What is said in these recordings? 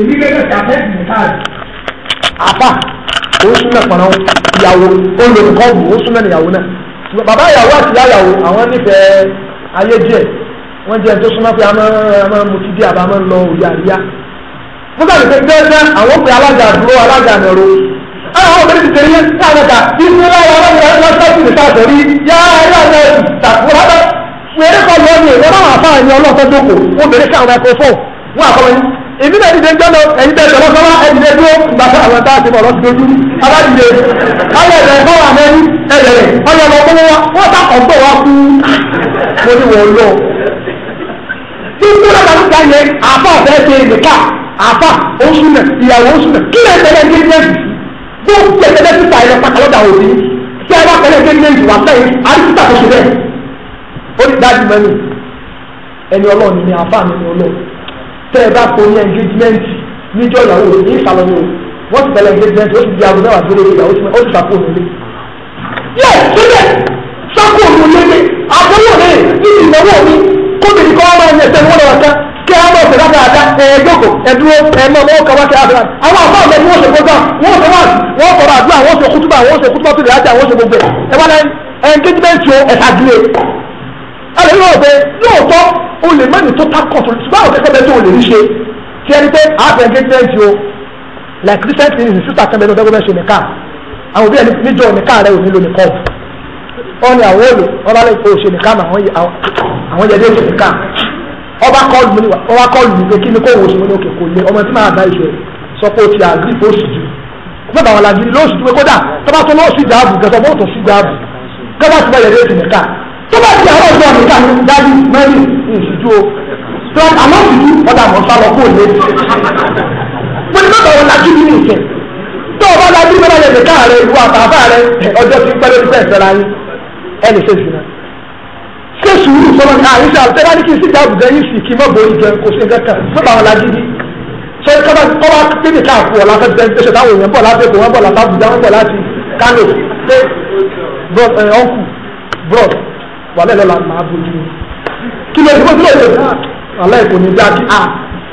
èmi lẹ́yìn ìṣàfẹ́ ìdìbò káàdì. àfà ó súnmọ́ pọ̀nà ìyàwó olùkọ́ o ó súnmọ́ ìyàwó náà bàbá ìyàwó àti ìyá ìyàwó àwọn nífẹ̀ẹ́ ayé díẹ̀ wọ́n jẹ́ tó súnmọ́ pé a máa ń mutí díẹ̀ àbá máa ń lọ òye àríyá. mo sáré pé bẹ́ẹ̀ àwọn pé alága àdúró alága àmẹ́rò àwọn obìnrin ti tẹ̀lé sáàmẹ́ta ìfún láwọn alága lọ́sọ̀tì nípa àtẹ̀rí yá ayé àná ẹ̀sìn tàkùrọ̀ wẹ́rẹ́ kọ́ lọ́ọ́ ni èèyàn máa fà á ní ọlọ́ọ̀tọ́ dókòó obìnrin sáà èmi náà dìde jọ́nà ẹ̀yin tẹ̀ tẹ̀lọ́ sọ́wọ́ ẹ̀dìdẹ dúró gbàtà àwọn tá a ti bọ̀rọ̀ sí ojú aládìde ayé ẹ̀rẹ̀ fọwọ́ àmẹ́rí ẹ̀rẹ̀ ọyọ lọ fọwọ́ wa wọ́n ta ọ̀gbọ́n wa kú mo ní wọ́n lọ. tí n kúrò bá níta yẹn àfa ọ̀fẹ́ ṣe nìka àfa oṣù nà ìyàwó oṣù nà kí lè tẹ̀lé engagement tó tẹ̀lé títà ẹ̀rọ pàkàlọ́dà òbí tí a bá tẹ̀lé engagement wà sẹ́yìn àríkítà tó ṣe bẹ́ẹ̀ ó ní dájú mẹ́rin ẹni ọlọ́run ni àfa mi ni ọlọ́run tẹ́ ẹ bá fún ní engagement níjọ́ ìyàwó rẹ̀ ní ìsàlọ̀ ni o wọ́n ti bẹ̀rẹ̀ engagement ó ti di aago mẹ́wàá tó lé ìyàwó ó ti sàkó òun lé. yẹ síbẹ̀ sàkó òun lé mi àbúrò rẹ̀ nínú ìnáwó mi kóbìnrin kọ́ máa ń yẹ sẹ́yìn wọ́n lọ́wọ́ kí a máa fẹ́ràn dáadáa ẹ̀ẹ́dọ́kọ̀ ẹ̀dúró ẹ̀mọ́ ọmọ kàwá kí a àwọn àbá ọ̀mọ́ wọ́n ṣe gbọ́dọ̀ wọ́n ṣe wáàsì wọ́n sọ̀rọ̀ àdúrà wọ́n ṣe kútùbà wọ́n ṣe kútùbà tó lè rájà wọ́n ṣe gbogbo ẹ̀ ẹ̀ wọ́n lẹ́yìn engagement yóò ẹ̀ka dúró ẹ̀rọ yóò bẹ lóòótọ́ o lè mẹ́ni tó ta kọ̀ tó báwo kẹ́kẹ́ bẹ tó o lè rí ṣe tí ẹni pé àbẹ̀ engagement o like recent news sísà kan bẹ́ẹ̀ bẹ́ẹ̀ ṣe nìkan àwọn òbí ẹni níjọ nìkan rẹ ò nílò nìkan wọn ni àwọn olè wọn bá lè fọ òṣè nìkan àwọn yẹn dé ṣe nìkan ọba kọlù mi ọba kọlù mi pé kí ni kò wò sí mi ní òkè kò lé ọmọ tí máa bá ìṣe sọ pé o ti àgbì fún oṣù jù nígbà wọn làjú ni lóṣù tó kódà tọ́ba tó lóṣù dáàbò gẹ́sọ́ bó tó ṣù dáàbò gẹ́sọ́ tó bá yẹ dé ṣe nìkan tó bá ti àwọn ọjọ́ nìkan dájú mẹ́rin ìṣíjú o tó àmọ́ ìṣíjú ọ̀dà mọ̀ sálọ kó lé mo ní bàbá wọn lajú nínú ìṣẹ́ tó o bá lajú bá lè ká rẹ ìwọ àtàbà rẹ ọjọ́ ti pẹ́ lórí bẹ́ẹ̀ sẹ́ra yín ẹnì ṣe sùn náà ṣé sùúrù sọmọ ní àyíṣẹ́ àbútẹ́lá ní kí n sì dáàbò jẹ́ yìí sì kí n mọ̀ bóyí jẹ kó ṣe nǹkan fún bàbá lájú bí ṣé kọ́ba kọ́ba pínlẹ̀ káàkó ọ̀la fẹ́ jẹ́ ṣe táwọn èèyàn bọ̀ láti èkó wọn bọ̀ láti Àbújá wọn bọ̀ láti Kánò ṣé ọ̀nkù brọ́d wàlẹ́ lọ́la máa bójú kí ló dé kó sílẹ̀ èdè wàlẹ́ kò ní dá kí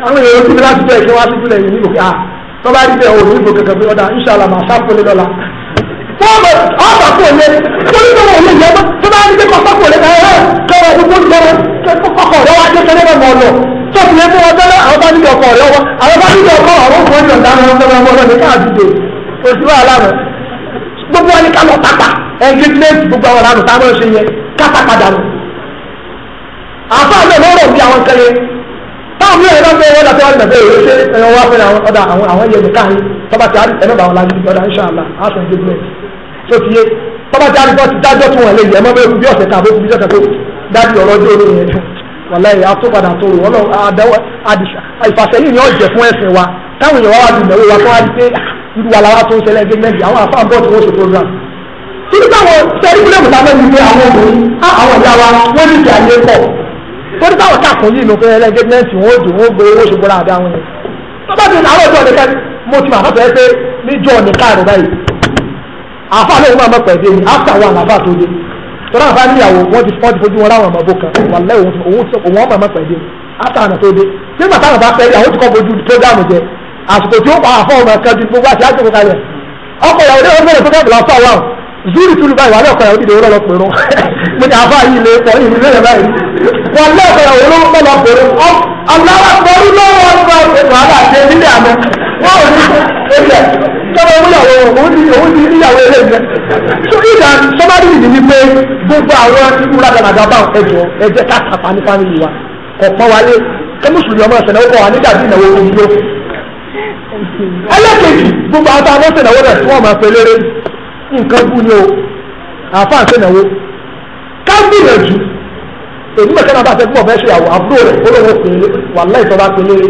àwọn èèyàn kúndé láti bẹ́ẹ̀ kí wọ́n á ti sílẹ̀ yìí nílò kí tó bá rí bẹ́ẹ̀ o nílò kankan pé ọ̀dà inṣàlá máa sáfòlé lọ́la. fọ́ọ̀mù ọ̀bà kò lé torí tó wọ̀ lé yẹn tó bá rí bẹ́ẹ̀ kọ́ sáfòlé kẹ́rẹ́ kẹ́rẹ́ tó gbóni kẹ́rẹ́ kọ́kọ́ rẹ wá jẹ́ kẹ́rẹ́ náà mọ̀ lọ tó fi lé fún wọn tẹ́lẹ̀ àwọn bá nílò ọkọ̀ rẹ wọ̀ àwọn bá nílò ọkọ̀ àwọn gbogbo wọn ni ká lọ pápá engagement gbogbo àwọn ọ̀lànà tá a máa ń ṣe yẹn ká pápá dànù. àfáà náà lọ́rọ̀ bí àwọn kan yẹn táwọn mí ẹ̀rọ bẹ́ẹ̀ wọ́n dàbí wọn dàbí èrè ṣe ẹ̀rọ wá fún àwọn ọ̀dà àwọn àwọn yẹn nìkan yìí tọ́ba ti àrí ẹ̀rọ báwọn lájú ọ̀dà inṣàlá aṣọ engagement tó ti yé tọ́ba ti àrí bọ́ọ̀tì dájọ́ tí wọ́n lè yẹ mọ́ bẹ́ẹ̀ bí ọ̀sẹ̀ kan àbókù bí ọ̀sẹ̀ kan dájú ọ̀rọ̀ ọjọ́ orí yẹn wàláyé àtúpadà tó rò ọlọ́run àdáwọ̀ àdìsá ìfàsẹ́yìn ni ó jẹ fún ẹ̀sìn wa táwọn èèyàn wá wá dùn mẹ́wọ́ wa fún wa di pé irú wa làwọn tó ń ṣẹlẹ̀ gẹ́gẹ́mẹ́lì àwọn àfáà bọ́ọ̀ tí wọ́n ṣe program. títí táwọn sẹ́rí fúlẹ̀ mùsà mẹ́rin ní àwọn obìnrin àwọn ìyá wa wọ́n ní ìdí ayé pọ̀ torí táwọn kàkún yìí ló fẹ́ ẹlẹ́gẹ́gẹ́mẹ́ntì wọ́n dùn wọ́n gbé owó ṣùgbọ́n àdá wọn yẹn. tó bá ti àárọ̀ ọjọ́ nìkan mo ti máa fẹ́ pé níjọ́ nìkan rẹ̀ báyìí àfa lóun máa mọ̀ pẹ̀lú ẹni áfà wà láfà tó dé tọ́lá àfa níyàwó wọ́n ti fọ́n ti fojú wọn láwọn ọmọ bó kan wà lẹ́wọ̀n òun ọmọ mọ̀ pẹ̀lú ẹni áfà àná tó dé nígbà táwọn bá fẹ́ yàwó ti kọ́ fojú tó dáàmú jẹ àsìkò tí ó pa àfọ ọmọ ẹ̀ka ju gbogbo àti àjòkò kalẹ̀ ọkọ̀ ìyàwó ní ọdún mẹ́rin tó kẹ́ zuri tulu báyìí wà lẹ́kọ̀ọ́ ìdílé wọn lọ pèrò mo ní àbá yìí lè pọ̀ yìí lè báyìí wọn lẹ́kọ̀ọ́ ìwé ló ń lọ pèrò ọ̀làwà pẹ̀lú lọ́wọ́ ọgbà wàhálà àti nílé àná wọn ò ní ilẹ̀ tọ́lá ìmúyàwó òun ní òun ní ìyàwó ilé ìgbẹ́ so ìdá sọ́mádì yìí ni pé gbogbo àwọn ìmúra dàgbà bá ẹjọ́ ẹjẹ́ ká kà fani fani yìí wa kọ̀ pọ́n wálé kẹ́mùsùlùmí ọmọ ẹ̀sẹ̀ náà kọ̀ wá nígbà tí ìnáwó ogun ló ẹlẹ́kejì gbogbo àwọn àwọn sẹ̀nàwó rẹ̀ tí wọ́n máa pelére nǹkan kú ni o àáfàá sẹ̀nàwó ká gbìyànjú èyí mẹ̀kẹ́ náà bá tẹ́ fún ọ̀fẹ́ ṣèyàwó àbúrò rẹ̀ olówó pèlè wà láì tọ́ bá pelére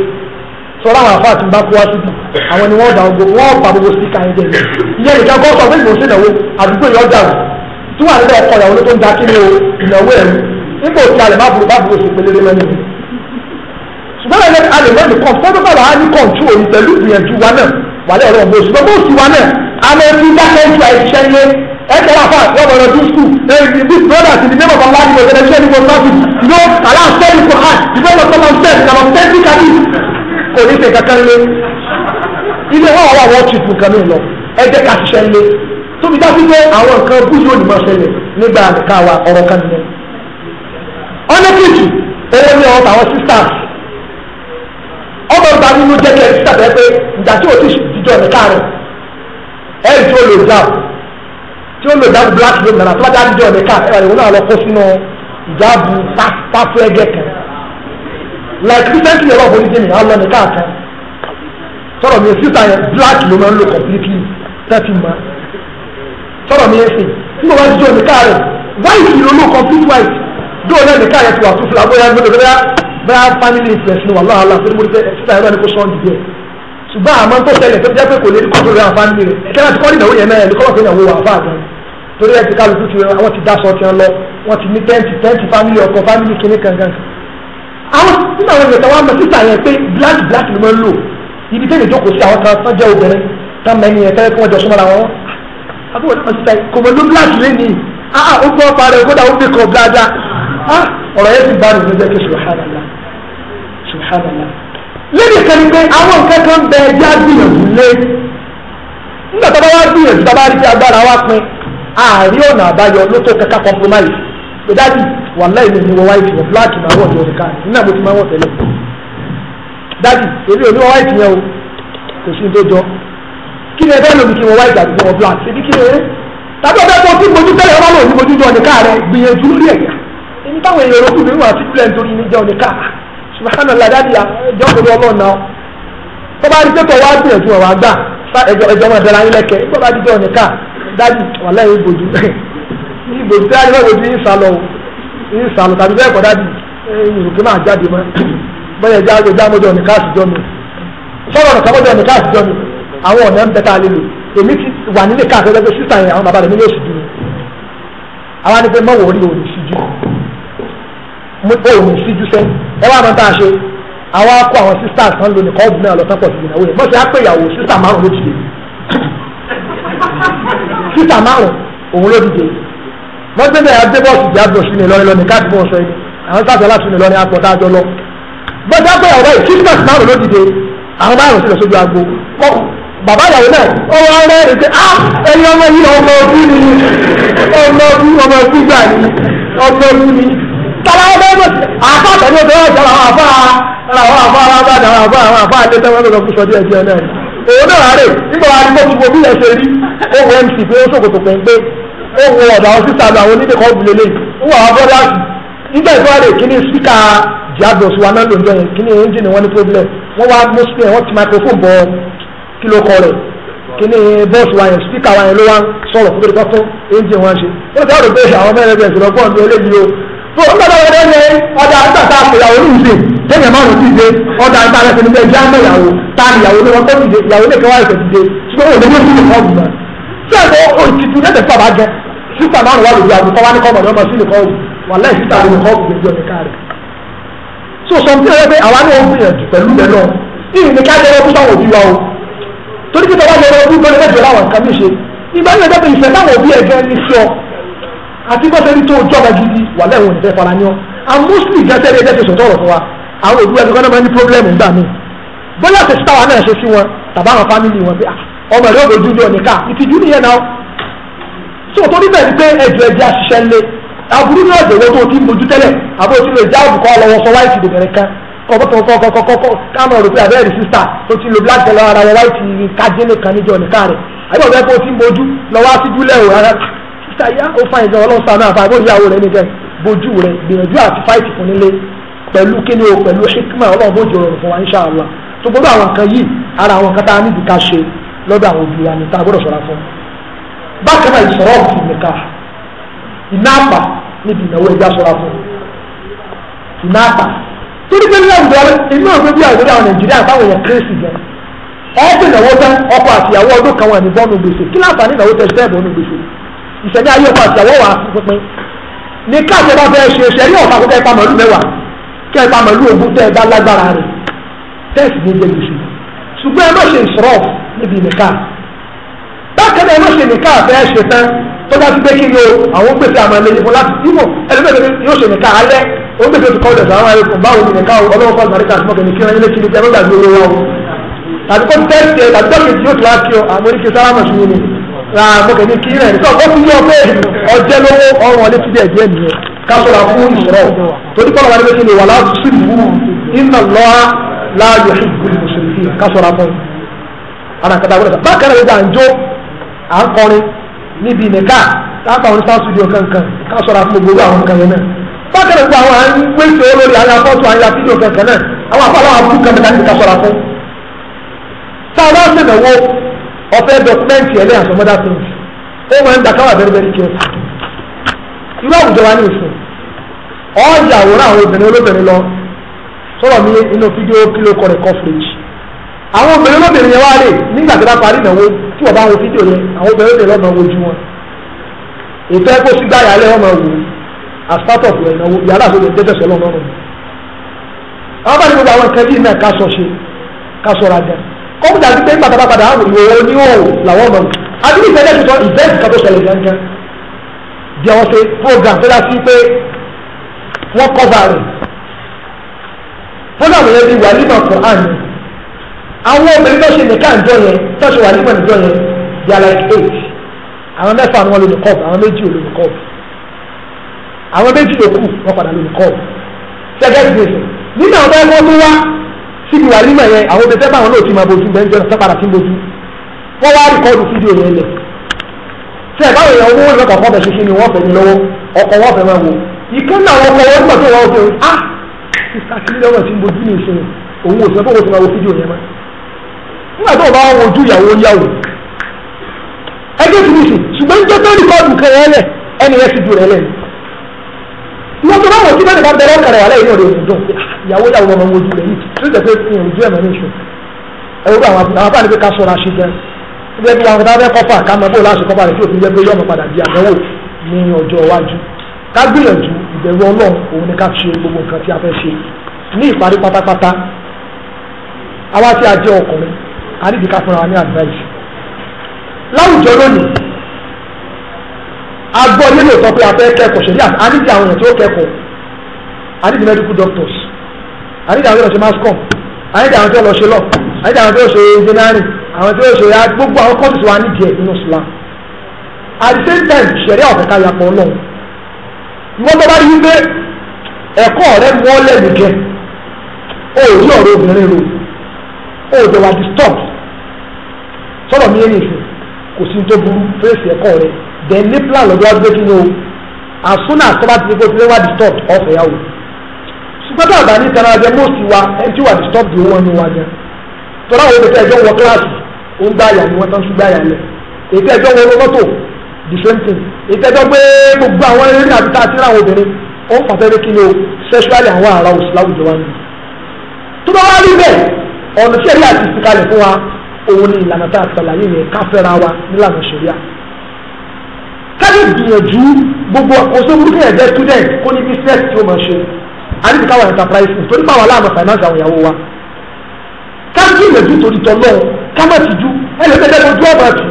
sọ́ra àwọn àáfàá ti bá kú wá síbi àwọn ni wọ́n da ogo wọ́n pa gbogbo síkà yẹn jẹ́ ìyẹn nìkan kọ́ sọ pé ìmọ̀ sẹ̀nàwó àdúgbò yọ dàrú tí wà nílẹ̀ ọkọ̀ ìyàwó ló tó ń da kí ni o ìnáwó ẹ̀rú nígbà òkè alẹ̀ má burú má burú sí pelére mẹ́rin ṣùgbọ́n ẹ̀rẹ́ alẹ́mọ́lì kan fọ́dọ́kọ̀ wà á ní kọ̀ǹtù òní pẹ̀lú ìgbìyànjú wa náà wàlẹ́ ọ̀rọ̀ ọ̀gbọ́n ṣùgbọ́n bó sì wa náà a máa fi dákẹ́ ju àìṣiṣẹ́ yẹn ẹ̀kọ́ wà fà wọ́n bọ̀rọ̀ dún skul ẹ̀yìn bí broda ti di name of allah ní ọ̀gẹ́dẹ́ ṣẹ́ ní wọ́n sáfì yó aláǹfẹ́ ní quran ìfẹ́ lọ sọ́nà ṣẹ́ ìjàmọ̀ ṣẹ́ ní kàdí kò ní ṣe kankan lé ilé wọn wà wọ́n tìpù kan ní lọ ẹ jẹ́ ká ṣiṣẹ́ lé tóbi dá sí pé àwọn nǹkan bú yóò ní máa ṣẹlẹ̀ nígbà ká wa ọ̀rọ̀ kan nìyẹn. ọ̀nà kejì owó ní ọ̀tà àwọn sisters ọmọ ọba nínú jẹ́kẹ́ tàbí ẹgbẹ́ ìgbà tí o ti jíjọ ní káàrin ẹ̀rì tí o lè dá tí o lè dá black ló nana tó bá dá jíjọ ní káàrin ẹ̀rọ náà lọ kó sínú ìdáàbò pápá ẹgẹ kan like recently ẹ̀rọ ọ̀bọ̀n ìdíje nìyà lọ ní káàkan sọ̀rọ̀ mi sísá yẹn black ló máa ń lò completely thirty ma sọ̀rọ̀ mi ẹ̀sìn tí mo bá jíjọ ní káàrin white ló lò complete white dóò náà ní káàrin ti wà tó fúlà bóyá gbọdọ̀ bẹ́ẹ̀ family interest ni wàhálà wàhálà pé mo rí pé sísá ẹ̀rọ ni kò sọ́ọ́ dìde ṣùgbọ́n àmọ́ tó tẹ̀lẹ̀ tó jẹ́ pé kò lè kọ́tò rẹ̀ àfáàní rẹ̀ ẹ̀kẹ́ láti kọ́ ìnáwó yẹn náà ẹ̀lú kọ́wọ́ pé ìnáwó wà fáà gan torí ẹ̀ ti kálukú ti wọ́n ti dáṣọ ti ń lọ wọ́n ti ní tẹ́ǹtì tẹ́ǹtì fámìlì ọkọ̀ fámìlì kìíní kankan. àwọn nínú àwọn ìrẹ̀tẹ̀ wọn mọ̀ sísà yẹn pé black black ni wọ́n lò ibi tẹ́lẹ̀ jókòó sí àwọn kan tán jẹ́ obìnrin tán mẹ́ni yẹn tẹ́lẹ̀ kí wọ́n jọ súnmọ́ra wọn. àbúrò ní ọ̀sísà kò mọ̀ ló black lé ní ah, ah, ó gbọ́ parẹ́ kódà ó bẹ̀ kọ́ bláda ọ̀rọ̀ yẹn ti bá nìyẹn jẹ́ kí sùn subhanallah lẹ́yìn kan ní pé àwọn nǹkan kan bẹ ẹbí agbìyànjú lé nígbà tó bá wá gbìyànjú tá a bá rí agbára wá pin àárín ọ̀nà àbáyọ ló tó kẹ́kẹ́ compromise pé dájú wàhálà ìlú mi wọ wáìtì yẹn black máa wọ̀ jọ nìkan nínú àbótí máa wọ̀ tẹ́lẹ̀ dájú èmi ò ní wọ wáìtì yẹn o kò sí ní tó jọ kí ni ẹgbẹ́ lòdì kí wọ wáìtì àti wọ black ṣe bí kí ni eré tàbí ọ̀dọ́ tó ti mojú tẹ́lẹ̀ ọba lòdì mojú jọ nìkan rẹ gbìyànjú lórí ẹ̀yà subahana ladadi jọ́kòrò ọlọ́ọ̀nà tó bá rí pẹ́tọ̀ wá gbìyànjú ọ̀rọ̀ àgbà ẹjọ́ ẹjọ́ wọn dára yín lẹ́kẹ̀ẹ́ tó bá dídọ̀ nìka dájú wàlẹ́ ìbòjú ìbòjú tí a yẹ lọ́dọ̀ ní ìsàlọ̀ ìsàlọ̀ tàbí bẹ́ẹ̀ kọ́ dájú ìrùkí máa jáde mọ́ bẹ́ẹ̀ ẹjọ́ àjọ jámọ́jọ nìka àtijọ́ mi sọ̀rọ̀ nìka mọ́jọ nìka àtijọ́ mi àwọn ọ̀nà ń bẹ́ta lè lò èmi ti wà nílé káàkiri ẹgbẹ́ sísà yẹn àwọn bàbá rẹ̀ mi yóò sì dúró àwọn àti pé mọ́wọ́ orí òní mo tó òun síjú sẹ́ ẹ wá mọ́ tá a ṣe àwa kó àwọn sisters kan lónìí kọ́ ọdún náà lọ sápọ̀ sí ìyàwó rẹ̀ mọ̀ sí àpèyàwó sísà márùn ló dìde sísà márùn òun ló dìde wọ́n gbé bẹ́ẹ̀ adébọ̀sì ìjà bọ̀ sí ni lọ́rin lọ́ni káàdì bọ̀ sọ yìí àwọn sáàtì aláṣẹ ni lọ́rin apọ̀ dájọ́ lọ gbọ́dọ̀ àpèyàwó báyìí sísà márùn ló dìde àwọn márùn sílẹ̀ sójú agbo bàbá ìyàwó náà ó wá rẹ́rìn pé á ah, ẹni ọmọ yìí ọmọ ọdún ni ọmọ ọdún ọmọ ọdún gbà ni ọmọ ọdún ni tala ẹgbẹ́ bó àfa tẹ̀lé tó yà jẹ́ àwọn àfa àwọn àfa àwọn àfa àwọn àfa àwọn àfa àti tẹ́wọ́n tó lọ fún sọdí ẹ̀jẹ̀ náà òun náà rè nígbà wà ní gbogbo bí ẹ ṣe rí ó wọ mc pé ó ṣòkòtò pẹ̀npẹ́ ó wọ ọ̀dà àwọn sísá àwọn onídẹ̀kọ́ òbílẹ̀ lẹ́yìn ó wọ àwọn bọ́lá nígbà ìfọwọ́dẹ̀ kíní síkà jabos wa náà ló ń bẹ̀rẹ̀ kí ni yẹn speaker wa yẹn ló wá sọ̀rọ̀ fún kí ló tọ́ fún engine wa ṣe ó ti wá rò pé àwọn mẹ́rin bẹ̀rẹ̀ sọ̀rọ̀ pọ̀ ní eléyìí o so nígbàdá wọn dẹ́ ní ọjà àgbàtà àpèyàwó ní ìṣe lẹ́yìn márùn ti dé ọjà àgbà rẹ̀ fẹ́ni bẹ́ẹ̀ jẹ́ àmọ́yàwó ta ìyàwó ní wọn tó ti dé ìyàwó ní ìkẹwàá ìfẹ́ ti dé ṣùgbọ́n òun lè ní ìlú kọ́ọ̀bù náà sẹ́ẹ̀dọ̀ òtítù lẹ́tẹ̀ sábà jẹ sísà márùn wà lórí àgùkọ́ wá ní kọ́ọ̀bù ọmọ sí ìlú kọ́ọ̀bù wà láì sísà lórí kọ́ọ̀bù lórí ọ̀dẹ̀ káàrẹ̀ so something ẹgbẹ́ àwa náà ó gbìyànjú pẹ̀lú rẹ̀ náà ìyìn ní káàdé ẹgbẹ́ sáwọn òbí wa o torí pé tọ́wọ́ yẹn lọ́dún tó lè mẹ́jọ láwọn nǹkan mí ṣe ìgbà yẹn lọ́dún ìfẹ́ táwọn òbí ẹ̀jẹ̀ ní sí ọ àti gbọ́sẹ̀rí tó jọba gidi wà lẹ́wọ̀n ìfẹ́ fara ní ọ́ and mostly gẹ́sẹ̀rí ẹgbẹ́ ti sọ̀tọ̀ ọ̀rọ̀ fún wa àwọn òbí ẹgbẹ́ náà máa ní problem ńgbà mi bóyá ṣe sítáwa náà ṣe sí wọn tàbá àwọn family wọn bí ah, ọmọ rẹ òbí ojú ní ọ̀nìkà ìtìjú nìyẹn náà so tó níbẹ̀ ni pé ẹjọ́ ẹjẹ́ àṣìṣe ńlẹ̀ aburú ní ọ̀dọ̀ owó tó ti mojú tẹ́lẹ̀ àbó tí lo ìjáàbù kọ́ lọ́wọ́ sọ wáìtì bẹ̀rẹ̀ kan kọ́kọ́kọ́kọ́kọ́ káàmù rò pé àbẹ́rẹ́ sísá tó ti lo black yellow ara wọn wáìtì kájínlẹ̀ kan níjọ́ ọ̀nìkà rẹ̀ àbí ọ̀bẹ́ kó ti mojú lọ́wọ́ síjú lẹ́wọ̀ rárá ṣàyà ó fa ìgbà ọlọ́run sanu àfàgbọ́ ìyàwó rẹ nìkan bójú rẹ gbìyànjú àti fáìtì fún nílé pẹ̀lú kíni o pẹ̀lú hikma ọlọ́run bójú rọrùn fún wa insha Allah tó gbọ́dọ̀ àwọn nǹkan yìí ara àwọn nǹkan tá a níbi ká ṣe lọ́dọ̀ àwọn òbí wa ni tá a gbọ́dọ̀ ṣọ́ra fún. bákan náà ìsọ̀rọ̀ ọ̀fìn nìka iná àpà níbi ìnáwó ẹja ṣọ́ra fún iná àpà torí pé ní àwùjọ inú òfin bí àwùjọ àwọn nàìjíríà táwọn èèyàn kérésì gan ọ́ọ́dún ìnáwó tán ọkọ̀ àtìyàwó ọdún kan wà ní bọ́ọ̀nù gbèsè kí láǹfààní ìnáwó tẹ̀ sí bọ́ọ̀nù gbèsè ìṣẹ̀lẹ̀ ayé ọkọ̀ àtìyàwó wà fún pínpín ní káàtẹ́ bá fẹ́ ṣe ìṣẹ̀lẹ̀ ọ̀fà kọ́kẹ́ pa màálù mẹ́wàá kẹ́ pa màálù tẹ́ ẹ bá lágbára rẹ̀ tẹ́ẹ̀sì ní jẹ́ lóṣù ṣùgbọ́n ẹ má ṣe ìṣòro níbi nìka bákan náà ẹ má ṣe nìka fẹ́ ṣe tán tó bá ti gbé kí yo àwọn gbèsè àmọ́ ẹlẹ́yìn fún láti dìbò ẹlẹ́gbẹ̀rẹ̀ yóò ṣe nìka alẹ́ Ah, mọ̀kẹ́ ní kí rẹ̀ nígbà wọ́n fi yọ pé ọjẹ́ lówó ọrùn ọdẹ ti dẹ̀ẹ́dẹ́ nìyẹn kápẹ́lá fún ìṣòro torí pọ́nlọ́wà ní pẹ́kẹ́ ni wà láti sí ìlú iná lọ́ha láàyò ìgbìlì mùsùlùmí kásọ̀rọ̀ fún ara kata wọlé sá bákan náà ń jó à ń kọrin níbi nìka lápá òní sáà studio kankan kásọ̀rọ̀ fún gbogbo àwọn kan yẹn náà bákan náà gbogbo àwọn à ń wéṣe olórí àwọn afọ́tò àwọn ilà fídíò kankan náà àwọn afọ́láwà fún kankan kásọ̀rọ̀ fún ọ̀fẹ́ dọkumẹ́ntì ẹ̀ lẹ́yìn àsọmọ́dá tó ń ó máa ń dakáwà bẹ́rẹ̀bẹ́rẹ̀ kí ó irú àwùjọ wa ní ìsìn ọ̀ọ́jà àwòrán àwọn obìnrin olóbìnrin lọ sọ̀rọ̀ mi inú fídíò kílò kọrin coverage àwọn obìnrin olóbìnrin yẹn wá rè nígbà tí wọ́n parí ìnáwó tí wọ́n bá wo fídíò yẹn àwọn obìnrin olóbìnrin lọ́mọ wojú wọn ètò ẹ̀kọ́ sí gbáyà alẹ́ wọn máa wò as part of your ìnáwó yàrá àti olùdíje tẹ̀sán lọ́nà ọ̀run àwọn bá ní gbogbo àwọn nǹkan yìí náà ká sọ ṣe ká sọra gan-an kọ́mù dàbí pé pàtàkì padà àwòrán ní òòrùn làwọn ọmọ mi àbí ìfẹ́lẹ́ tuntun ìfẹ́ǹtì kan tó ṣẹlẹ̀ gángan bí àwọn ṣe program tó dá sí pé wọ́n kọ́ba rẹ̀ program yẹn ti wà nímọ̀ fún àná àwọn obìnrin tó ṣe nìkan ìjọ yẹn tó ṣe wà nímọ̀ ìjọ yẹn they are like eight àwọn mẹ́fà ni wọ́n lóni kọ́ọ̀bù àwọn méjì ò lóni kọ́ọ̀bù àwọn méjì ló kù wọ́n padà lóni kọ́ọ̀bù second reason nínú àwọn ẹgbẹ́ tó wá síbi wà límọ̀ yẹn àwọn obìnrin tẹ́gbà wọn náà ti máa bojú bẹ́ẹ̀ jọ́nà sẹ́padà sí bojú wọ́n wá rìkọ́dù fídíò yẹn lẹ̀ tí ẹ̀ báwo yẹn owó lọ́kọ̀ fọ́bẹ̀ ṣiṣẹ́ ni wọ́n fẹ́ mi lọ́wọ́ ọkọ̀ wọ́n fẹ́ máa wò ìkan náà ọkọ̀ wọn nígbà tó wọ́n fẹ́ wọn ah sísá sílé ọmọ tí ń bojú ní ìṣe òun ò sọ fún òun máa wo fídíò yẹn mọ́ nígbà tó bá wọn ojú ìyàwó yàwó ẹgbẹ́ tuntun ṣùgbọ́n jẹ́ tó rìkọ́dù kẹrẹ́lẹ̀ ẹni yẹn ti dùn rẹ̀ lẹ́nu wọ́n tó báwọn kí lóde bá bẹ̀rẹ̀ kàrẹ̀ wàhálà ìlú ọ̀dọ̀ ìdùn ìyàwó ìyàwó ọmọ wọn ojú rẹ̀ yìí tó jẹ́ pé ìyẹn ojú ẹ̀mọ́ ní ìṣó ẹ̀rọ àwọn àwọn àbáni pé ká sọ̀rọ̀ àṣẹ jẹ́ ẹgbẹ́ bí wọn bá kọ́fà ká mọ bóòlù àṣẹ kọ́fà rẹ̀ tí òfin jẹ́ pé yọ̀mọ̀ padà di àdánwò ní ọjọ́ iwájú ká gbìyànjú ìbẹ̀rù ọlọ́run òun ni ká ṣe gbogbo nǹkan tí a fẹ́ ṣe ní ìparí pátápátá àwa tí a jẹ́ ọkùnrin a nídìí ká fúnra wa ní advice láwùjọ lónìí agbọ́ nílò tán pé a fẹ́ kẹ́kọ̀ọ́ ṣẹlẹ̀ a nídìí àwọn èèyàn tí ó kẹ́kọ̀ọ́ a medical doctors a àwọn tí ṣe mascom a nídìí àwọn tí ó lọ ṣe law a àwọn tí ó ṣe engineering àwọn tí ó ṣe gbogbo àwọn courses wa nídìí ẹ̀ nínú Islam at the same time ṣẹ̀rí àwọn kẹ̀kẹ́ ayapọ̀ náà wọ́n tó bá rí wípé ẹ̀kọ́ rẹ̀ mú ọ lẹ́nu jẹ o ò rí ọ̀rọ̀ obìnrin ro o ò dẹ̀ wà disturb sọ̀rọ̀ mi yẹn nìyẹn kò sí ní tó burú fèsì ẹ̀kọ́ rẹ̀ then ní plan lọ́dọ̀ wá gbé o as soon as tọ́ba ti ní kó ti lé wá disturb ọ̀fẹ́ yà wò ṣùgbọ́n tó àbá ní tara jẹ most wa ẹni tí wà disturb yóò wọ́n ní wa jẹ tọ́lá wo bẹ̀tẹ̀ ẹjọ́ wọ kíláàsì ó ń gbá àyà ni wọ́n tán sún gbá àyà lẹ̀ ètò ẹjọ́ wọ lọ́tò the same thing ètò ẹjọ́ pé gbogbo àwọn eré àti tá a ti rà àwọn obìnrin ó ń pàtẹ́ kí ni o sexually àwọn ará oṣù láwùjọ wa nìyí tó bá wá rí bẹ́ẹ̀ ọ̀nà tí ẹ̀rí àti ìsìnkalẹ̀ fún wa òun ni ìlànà tá a káyọ̀ gbìyànjú gbogbo ọ̀sẹ̀ burúkú ẹ̀jẹ̀ student kó ní business tí ó máa ṣe àti káwọn enterprise torí báwa láàmú finance àwọn ìyàwó wa káyọ̀ gbìyànjú torí tọ́ lọ́wọ́ kámọ́ tìjú ẹlẹ́gbẹ̀dẹ́ ojú ọ̀bà tù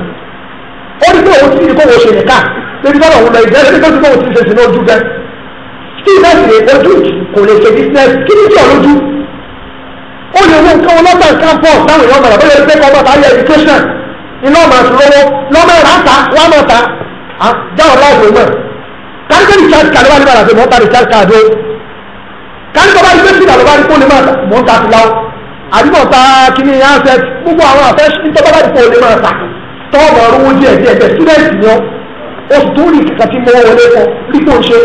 ó ní pé òun ti ní kó wọ́n ṣe nìka lórí báwọn òun lọ ìgbẹ́ lórí pé òun ti ṣe sí lójú bẹ́ẹ̀ tí ìgbà sì ojú kò lè ṣe business kí ni jọ lójú ó lè mú nǹkan ọlọ́gbà campus táwọn èèyàn mọ̀ràn bóyá da wallahi ko ma kan ka recharge card wani bara se mo ta recharge card o kan ka ba ri pesi dalo ba ri fóònù máa ta mo ń ta ti láwọ àbí mo ta kíní asset gbogbo àwọn afẹ́ tó bá bá rí fóònù máa ta tọ́wọ́ mọ̀ ọ́rùn díẹ̀ díẹ̀ bẹ́ẹ̀ student ni ọ́ oṣù tó rí kàkà tí mo wọlé fún rí kó n ṣe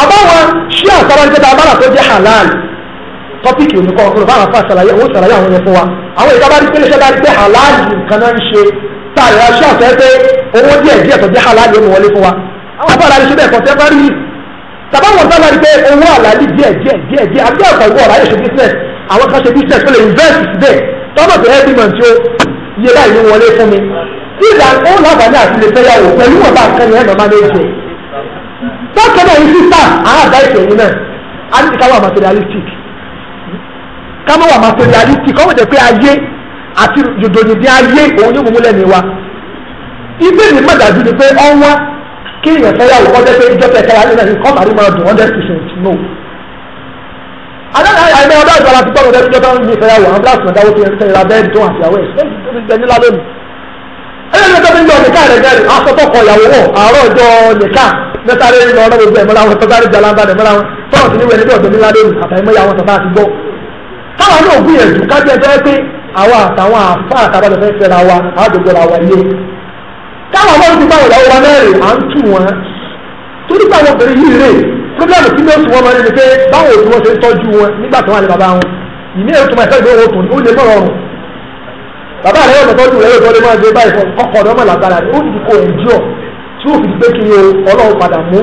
àbáwọn ṣí àtàrà ń tẹ́ta abára tó jẹ́ halal tọ́pìkì òní kan ọ̀gbọ́n báwọn afa ṣàlàyé àwọn ṣàlàyé àwọn yẹn fún wa àwọn ìjọba rí pé iléeṣẹ́ bá rí pé halal nǹkan náà ń ṣe tá a yọra ṣọ́ọ̀ṣì ẹ pé owó díẹ̀ díẹ̀ tó jẹ́ halal ló mú wọlé fún wa àwọn afárá ni ṣe bẹ́ẹ̀ contemporary tàbá wọn sábà rí pé owó àlàlí díẹ̀ díẹ̀ díẹ̀ díẹ̀ àbí ọ̀sán ìwọ ọ̀rá yóò ṣe business àwọn kan ṣe business tó lè invest today tọ́mọ̀ tó every month ó yẹ láì ní wọlé fún mi tí ìlà ó lábàání àti lè fẹ́yàwó pẹ̀lú wọn bá nǹkan yẹn lọ́ọ́ máa ní ètò bákan náà yìí sísá àwọn àgbá ètò yìí náà á ní káwà materialistic káwà materialistic ọmọdé pé ayé àti dòdòdì ayé òun ní gbogbo lẹ́nu wa ìbéèrè má dàbí ni pé ọwọ́ kí èèyàn fẹ́ yàwó kọ́jọ́ pé ìjọba ẹ̀ka yàrá ìrìn kọ́ màrí máa dùn hundred percent no. adáná àìmọ́ ọdọ́ ìgbàlá ti tọ́nu ọdọ́ ìjọba ń gbé fẹ́ yàwó àwọn bíláàsì ọ̀dáwó ti ń tẹ̀lé abẹ́ dùn àtìyàwó ẹ̀ ẹ̀ ní lálẹ́ mi. ẹlẹ́ni tó fi ń lọ nìka rẹ̀ gẹ́rẹ́ asọ́tọ̀ kọ ìyàwó wọ̀ àárọ̀ ọjọ́ nìka mẹ́tàlẹ́ ń lọ ọ̀rọ̀ gbogbo ẹ̀mọ́ra wọn tọ́ta rí jalamba ẹ̀mọ́ra wọn tọ́wọ́ ti ní wẹ̀ níbi ọ̀dọ́ ní lálẹ́ mi àtàyẹ̀mọ́ ìyàwó tọ́ta ti gbọ́. táwọn náà gbìyànjú kájẹ́ ẹ̀jẹ̀ pé àwa àtàwọn àfa àtàbàlẹ̀ fẹ́ fẹ́ra wa àádọ́jọ́ ra wa ilé káwọn ọmọ ti báwọn ìyàwó wa mẹ́rin à ń tù wọn torí pé àwọn obìnrin yìí rè pírọ́blẹ́mù tí mẹ́sùn wọn máa ń rí pé báwo ni wọ́n ṣe ń tọ́jú wọn nígbà tí wọ́n lè bàbá wọn ìní èrò tó máa fẹ́ gbé owó tó ó lè mọ̀ ọ̀rùn bàbá rẹ̀ yóò tọ́jú rẹ̀ yóò tọ́jú máa gbé báyìí ọkọ̀ ọ̀dọ́ máa lágbára ó ti kó ẹ̀jọ́ tí ó fi gbé kí o ọlọ́run padà mú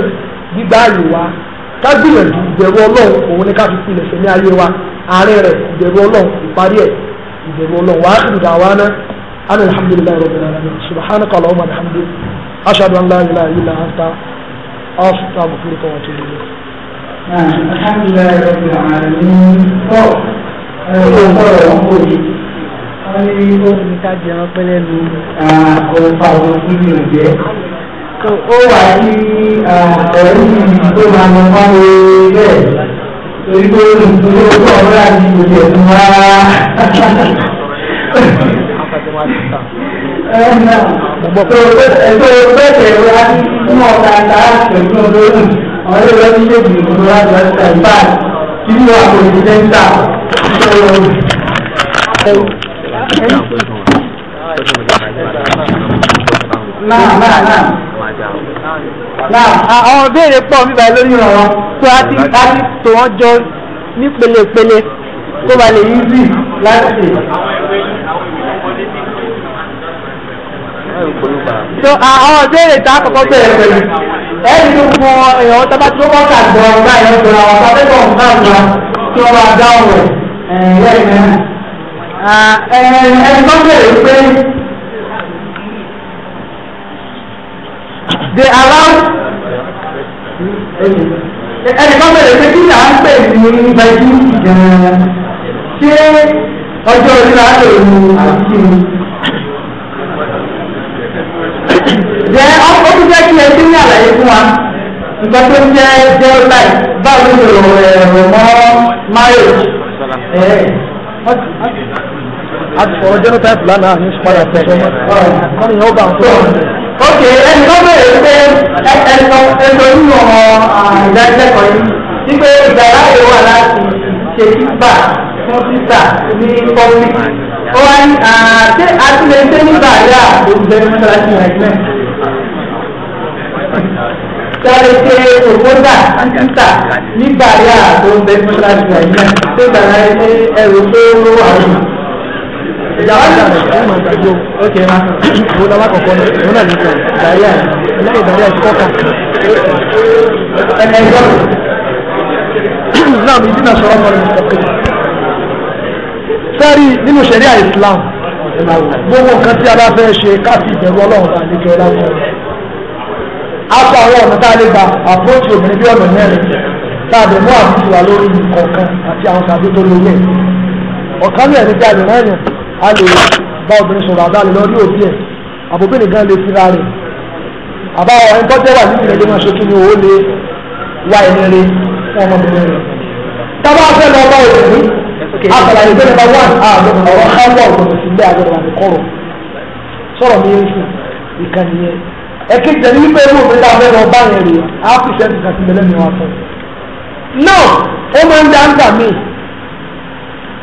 gbígbá àyè wa ká gbìyànjú ìbẹ̀rù ọlọ́run òun ni ká fi pilẹ̀ sẹ́mi ayé wa ààrẹ rẹ̀ ìbẹ̀rù ọlọ́run ìparí ẹ̀ ìbẹ̀rù ọlọ́run wàá kìlù dàwánà ánà alhamdulilayi rabbil alamin subhanaka allahumma alhamdu ashhadu an la ilaha illa anta astaghfiruka wa atubu ilayk. alhamdulilayi rabbil alamin tọ́ ẹ̀rọ ọ̀rọ̀ ọ̀hún wọ́n ní omi ká jẹun pẹ́lẹ́ lu ọ̀pá ọ̀rọ̀ kíni ò jẹ́. ó wà ní ẹ̀rù tó máa ń wáyé bẹ́ẹ̀ torí pé olùdókòwò tó ọ̀rọ̀ rà ní ìgbòdì ẹ̀sùn Ẹ̀sọ́ bẹ́ẹ̀ wá fún ọ̀gá àtàrà pẹ̀lú olóòrùn àwọn ilé ìwé ní ìdèbí ìgbòho láti wá sí kí ni wàá kòtò sẹ́ńtà náà náà náà náà àwọn ìbéèrè pọ̀ bíbá lórí ọ̀rọ̀ tó a ti a ti tò wọ́n jọ ní pẹ̀lẹ́pẹ̀lẹ́ tó ba lè yí láti ṣe. àwọn ìbéèrè tá a kọ́kọ́ bẹ̀rẹ̀ pẹ̀lú ẹ̀rí tó fún èèyàn tó bá tó bá kà ọ̀gá ìyẹn tó ra wọn tó ọ̀gá ọ̀gá tí wọ́n bá dáhùn rẹ̀ ẹ̀ẹ́dẹ́gbẹ̀rún. Ah, ẹ̀ẹ́dẹ́gbẹ̀rún pé. they allow ẹnìkan bẹ̀rẹ̀ pé kí là ń pè ní virginity gan-an ṣé ọjọ́ orí la lè mú àti kí ni. jẹ́ ọkọ̀ tó jẹ́ kí ẹ ti ní àlàyé fún wa nǹkan tó ń jẹ́ jẹ́ láì báwo ni o ẹ̀rọ mọ́ marriage. a ti sọ̀rọ̀ genotype lánàá ní padà sọ̀rọ̀ mọ́ ọ̀rọ̀ mọ́ ni yóò bá ń sọ̀rọ̀ ok ẹni tó bẹ̀rẹ̀ pé ẹ̀sọ́ nínú ìdánilẹ́kọ̀ọ́ yìí wípé ìgbàlá yóò wà láti ṣe kíkà fún títà ní pọ́blì ó wá ní àti àtúnṣe nígbà yà olùgbé mọ́ṣáláṣí rẹ̀ sáré ṣe òkúta títà nígbà yà olùgbé mọ́ṣáláṣí rẹ̀ tó gbàlá ẹrù tó wà lónìí ìdáwọ́dà rẹ̀ ó máa ń tẹ̀lé o ok mo lọ lákọ̀ọ́kọ́ ní òun náà nìkan ìdáyà lẹ́yìn ìdáyà ti kọ́kà. ẹnì ẹjọ́ náà mi dínà sọ̀rọ̀ mọ́ ní ọ̀pẹ́. sẹ́rí nínú ṣẹ̀ríà Islam gbogbo nǹkan tí a bá fẹ́ ṣe káfí ìbẹ̀rù ọlọ́run bá lè jọ ẹ láwùjọ. a kọ àwọn ọ̀nà tá a lè gba àpótí obìnrin bí ọ̀nà mẹ́rin tá a dẹ̀ mú àbúrò wa lórí nǹkan kan àti àwọn tàbí tó lóye ọ̀kan náà ní bí a lè rán yẹn a lè bá obìnrin sọ̀rọ̀ àbá lè lọ rí òbí ẹ̀ àbòbìnrin gan lè fira rẹ̀ àbá ọ̀ ẹni tọ́jú wà nínú ìrẹ́lẹ́ máa ṣe kí ni òun lè wá ẹni rẹ̀ fún ọmọbìnrin rẹ̀ tábà fẹ́ lọ bá òbí àtàlàyé bẹ́ẹ̀ bá wà àgbọ̀n ọ̀rọ̀ káwọ̀ ọ̀gbọ̀n sílẹ̀ àgbọ̀n àti kọ̀rọ̀ sọ̀rọ̀ mi yẹn fún ìkànnì yẹn ẹ̀kejì ẹni wípé ewu òfin tá a fẹ́ lọ bá yẹn rèé á pèsè ẹ̀dùn kàtìmẹ́lẹ́mi wa fún un náà ó máa ń dá ń dà míì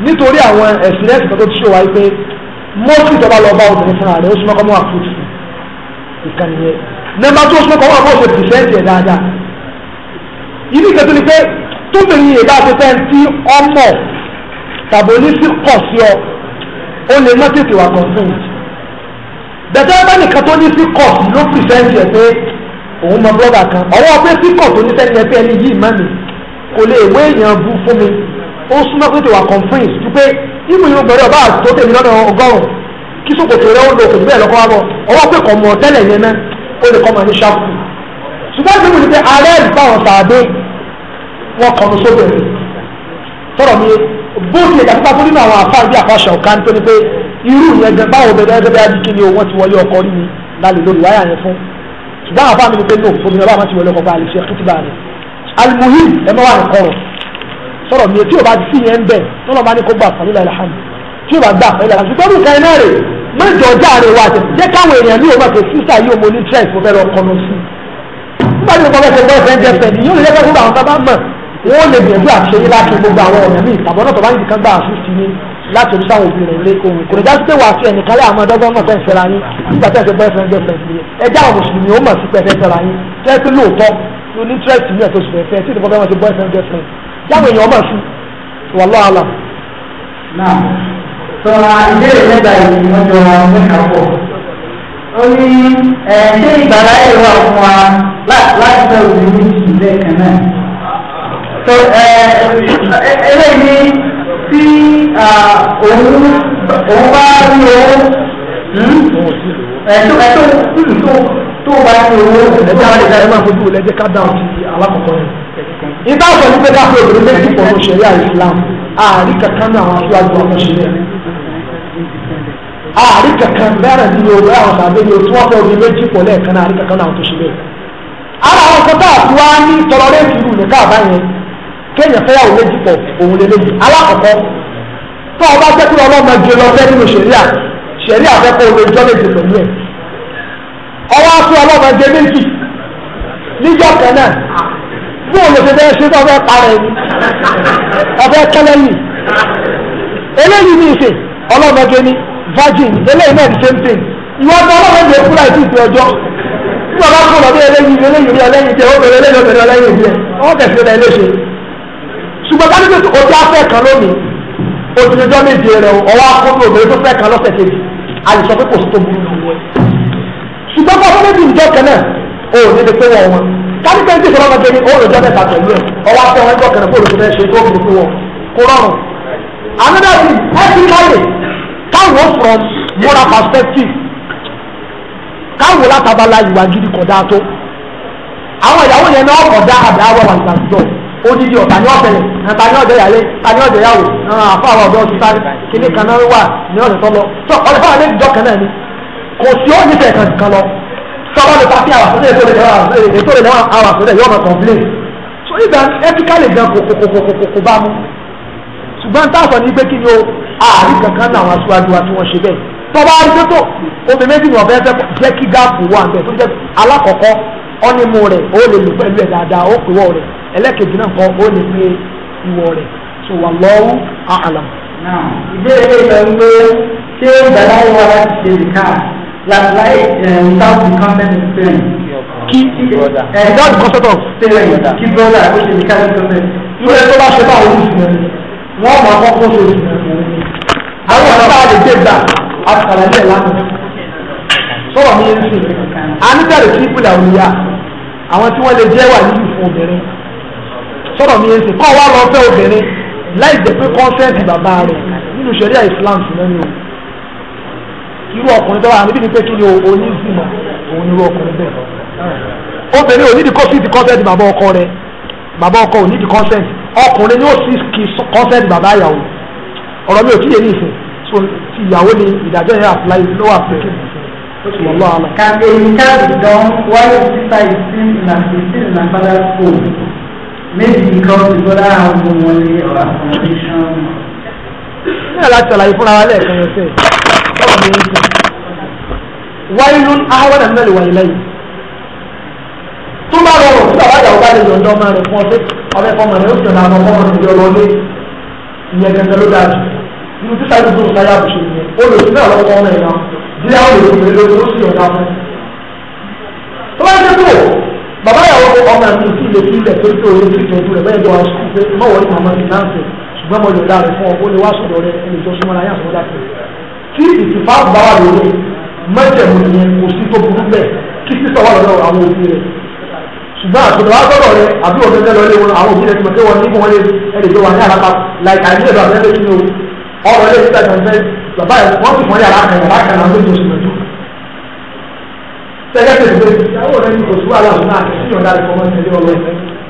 nítorí àwọn experience kan tó ti ṣe wáyé pé mọ́tì ìjọba lọ bá obìnrin fúnra rẹ̀ ó súnmọ́ kọ́ mọ́ àfúrúsì ìkànnì yẹn nọ́mbà tó súnmọ́ kọ́ mọ́ àfúrúsì pìrìsẹ́ǹtì ẹ̀ dáadáa ìdí ìkẹtù ni pé tóbìnrin yìí bá ti fẹ́ tí ọmọ tàbí onísì kọ̀ sí ọ ó lè má tètè wà consent bẹ̀tẹ́ bá nìkan tó ní sí kọ̀ ló pìrìsẹ́ǹtì ẹ̀ pé òun mọ blọ́gà kan ọwọ́ pé sí kọ̀ tó ní sẹ́ni ẹ̀ pé ẹni yìí má ó súnmọ́ pé tó wà conference ju pé ibù yìí bẹ̀rẹ̀ ọba àtò tèmi lọ́nà ọgọ́rùn-ún kí sòkòtò rẹ ó lò kò bẹ́ẹ̀ lọ́kọ́ wábọ̀ ọwọ́ pé kọ̀ mọ̀ tẹ́lẹ̀ yẹn náà ó lè kọ́ mọ̀ ní ṣáàpù ṣùgbọ́n ìdí wòlíì pé ààrẹ ìgbà wọn sàdé wọn kọ̀ọ̀nù sóbẹ̀ tọ̀rọ̀ mi bóòtù ẹ̀dá pípa tó nínú àwọn àfáà bí àfáà ṣàwùká tó ní pé irú yẹn gan báwo bẹ̀rẹ̀ ẹgbẹ́ bí adìkí ni wọ́n ti wọlé ọkọ rí mi lálẹ́ lórí wáyà yẹn fún ṣùgbọ́n àfáà mi ni pé no fòmìnira bá ti wọlé ọkọ bá àlè ṣe kútùbà rẹ̀ alimuhim ẹ mọ́ wà ní kọ́rọ̀ sọ̀rọ̀ mi tí o bá sí yẹn ń bẹ̀ tọ́lọ̀ bá ní kó gbà fàlílà ìlàhàmù tí o bá gbà fàlílà ìlàhàmù ṣùgbọ́n nǹkan iná rè mẹ́jọ ọjà rẹ̀ wà tẹ̀ jẹ́ káwọn èèyàn ní òun àti sísá yìí òun ní tírẹ̀sì mo fẹ́ lọ kọ́nu sí i nígbà tí mo kọ́ bẹ́ẹ̀ ṣe gbọ́ ẹ̀fẹ́ ń jẹ́ fẹ́ẹ́ yóò lè jẹ́ gbogbo àwọn sábà mọ̀ wọ́n lè gbìyànjú àṣẹ yìí láti gbogbo àwọn ọ̀nà míì tàbọ̀ náà tó bá ń dìkan gbà àṣù sí ni láti ojú sáwọn òbí rẹ̀ lé ohun kò lè dá sí pé wàá fi ẹnìkan lé àwọn ọ̀dọ́gbọ́n náà fẹ́ẹ́ fẹ́ra yín nígbà tí ẹ̀sẹ̀ bọ́ẹ̀fẹ́ ń jẹ́ fẹ́ẹ́ fi ẹjẹ́ àwọn mùsùlùmí ó mọ̀ sí pé ẹ̀fẹ́ fẹ́ra yín tẹ́ pé lóòótọ́ ló ní tírẹ̀sì ní ẹ̀tọ́ sùpẹ̀fẹ́ tí ìdìbò bẹ́ẹ̀ wọ́n ti bọ́ẹ̀fẹ́ ń jẹ́ fẹ́ẹ́ láwọn èèyàn máa sùn wallahu alam. náà sọ ìbéèrè mẹ́ta yìí wọ́n jọ mẹ́ta pọ̀ ó ní ṣé ìgbàlá yìí wà fún wa láti fẹ́ òbí méjì lẹ́ẹ̀kan náà. tó eléyìí tí òun òun bá rí owó ẹ̀tọ́ hmm? ẹ̀tọ́ tó bá rí owó. ẹ̀jẹ̀ ká dáhùn sí alákọ̀ọ́kọ́ yẹn ìta sọ ní pé káfí obìnrin méjì pọ̀nù ṣẹ̀ríà Islam ààrí kankan ní àwọn aṣáájú àwọn ṣẹ̀ríà ààrí kankan bẹ́ẹ̀rẹ̀ ní yorùbá àwọn bàbá ni òtún ọ̀fẹ́ obìnrin méjì pọ̀ lẹ́ẹ̀kan náà ààrí kankan náà tó ṣẹlẹ̀ ara àwọn kan táà tí wàá ní tọrọ léèkì ìlú ní káàbá yẹn kéèyàn fẹ́yàwó méjì pọ̀ òun lè léyìí alákọ̀ọ́kọ́ tó ọba jẹ́ kí ọlọ́mọ jẹ lọ fẹ́ nínú ṣẹ̀ríà ṣẹ̀ríà fẹ́ kó olè jọ́ méjì pẹ̀lú ẹ̀ ọwọ́ á fún ọlọ́mọ jẹ méjì níjọ́ kan náà fún olùsè bẹ́ẹ̀ ṣe tó ọbẹ̀ parẹ́ ni ọbẹ̀ kẹlẹ́ yìí eléyìí ní ìsìn ọlọ́mọdé ní virgin eléyìí náà the same thing ìwọ ọdún ọlọ́mọdé kú láì sí ìsìn ọjọ́ tí wọn bá fún ọdún eléyìí eléyìí rí ọlẹ́yìn jẹ obìnrin eléyìí obìnrin ọlẹ́yìn jẹ wọn kẹsì rẹ léṣe ṣùgbọ́n kájú pé o ti afẹ́ kan lónìí o ti jọjọ́ méje rẹ ọwọ́ akọ́kọ́ obìnrin tó fẹ́ kan lọ́sẹ̀ kejì àyùsọ pé kò sí tó burú ṣùgbọ́n kọ́ fún méjì ìjọ kan náà o ò ní kánípẹ́ntì ìfọwọ́ máa jẹni owó ìjọba ẹ̀ta pẹ̀lú ẹ̀ ọwọ́ afẹ́ wọn ẹjọ́ kẹrẹ fóònù tó fẹ́ ṣe tó fi fún wọn kó rọrùn. another thing every marriage can work from moral perspective káwọn látàbálá ìwà gidi kọ̀dá tó àwọn ìyàwó yẹn náà kọ̀dá àbẹ̀ àwọn àwọn ìgbà tó odidi ọ̀tà ní ọ̀sẹ̀ ẹ̀ta ní ọ̀jẹ̀ yàlẹ̀ ta ní ọ̀jẹ̀ yàwó àfa àwọn ọ̀dọ́ ti sáré kíní kan náà wà ní ọ̀sẹ̀ tó lọ tó ọ̀lẹ́fà lè jọ kan náà ni kò sí ó ní tẹ̀ kan lọ sábà lè pàṣẹ àwọn àṣọlẹ̀ ètò ìlera ètò ìlera àwọn àṣọlẹ̀ yóò máa complain so ìgbà ethically gan kò bá mu ṣùgbọ́n táàsọ ní pé kí ni o ààrí kankan náà àwọn aṣáájú wa tí wọ́n ṣe bẹ́ẹ̀ tọ́ba àrídẹ́tò omi méjì ni ọ̀bẹ ẹ̀fẹ́ jẹ́ kí gáàpù wà bẹ́ẹ̀ tó jẹ́ alákọ̀ọ́kọ́ ọ́nímù rẹ̀ ó lè lò pẹ̀lú ẹ̀ dáadáa ó pè wọ́ rẹ̀ ẹlẹ́kejì náà kọ́ ó lè pe ìwọ rẹ̀ so wallahu a'lam. ìbéèrè ìgbà ń gbé ṣé ìgbàláyé wa láti ṣe ìkáà That's why um, without the concept of parent. Kí ẹ without the concept of parent kí brother ó ṣe nìkan ní concept. Ilé tó bá ṣe báwo ní ìsinmi wọ́n máa kọ́kọ́ ṣe ìsinmi. Àwọn ọ̀rọ̀ bá lè dé gbà àtàlà ilé lánàá. Sọ̀rọ̀ mi ń sìn. A ní bẹ̀rẹ̀ sí ìpìlẹ̀ òníyà. Àwọn tí wọ́n lè jẹ́ wà nínú fún obìnrin. Sọ̀rọ̀ mi ń sìn. Kọ́ wa lọ fẹ́ obìnrin láì jẹ́ pé consent bàbá rẹ̀ nínú ṣẹ̀ríà Islam sí lẹ́nu o irú ọkùnrin tó wà níbi ni pé kí ni onízìmọ̀ òun irú ọkùnrin bẹ́ẹ̀ obìnrin ò nídìí kọ́sìtì kọ́sẹ́ẹ̀tì bàbá ọkọ rẹ bàbá ọkọ ò nídìí kọ́sẹ́ẹ̀tì ọkùnrin ni ó sì kì kọ́sẹ́ẹ̀tì bàbá ìyàwó ọ̀rọ̀ mi ò tíye ní ìsìn so ti ìyàwó ni ìdájọ́ yẹn àpìláyé ló wà pé lọ́wọ́ àlọ́. kàbí nǹkan ìdán wáyé títà ìsìn ìlànà ìsìn ìlànà padà fún méjì nǹkan ìgbọ́dá àwọn ọmọ wọlé ọ̀rọ̀ àkọ́mọdé kawai da yake wailun ahawara mẹ́rin wailẹ́yìn tó bá lọ rò fún àwájà ọba lè yọ̀ǹda ọmọ rẹ̀ fún ọtí ọbẹ̀ fọmọ rẹ̀ ó sì ọ̀nà àwọn ọmọ rẹ̀ yọ lọlé ìyẹn gẹ́gẹ́ ló dáa jù nínú títà tó tó sáyà bù ṣe ìyẹn olùsí náà lọ́wọ́ ọmọ ẹ̀ náà bí àwọn olùsí lórí ó sì ọ̀nà fún tó bá dé tó bàbá ìyàwó ọmọ ẹ̀ tó ilé sílẹ̀ tó tó ilé sí ìtọ́jú rẹ̀ bẹ́ẹ̀ lọ sùn pé mọ̀wọ́ ní màmá ti náà ṣùgbọ́n mo lè dáa rẹ̀ fún ọ tí ìtùfà bá wà lórí mẹ́jẹ̀mú yẹn kò sí tó burú bẹ́ẹ̀ kí sísọ wà lọ́dọ̀ àwọn òbí rẹ̀ ṣùgbọ́n àtọ̀dọ̀ wa sọ̀rọ̀ rẹ̀ àbí òbí rẹ̀ lọ́lé wọn àwọn òbí rẹ̀ ti mọ̀ pé wọ́n ní wọn lé ẹni tó wà ní àlápá láìka ní ẹ̀dọ̀ àbẹ́lé kí ni o ọ̀rọ̀ ilé ìta ìtànṣẹ́ bàbá ẹ̀ wọ́n sì fọ́n yàrá kan yàrá kan àwọn méjì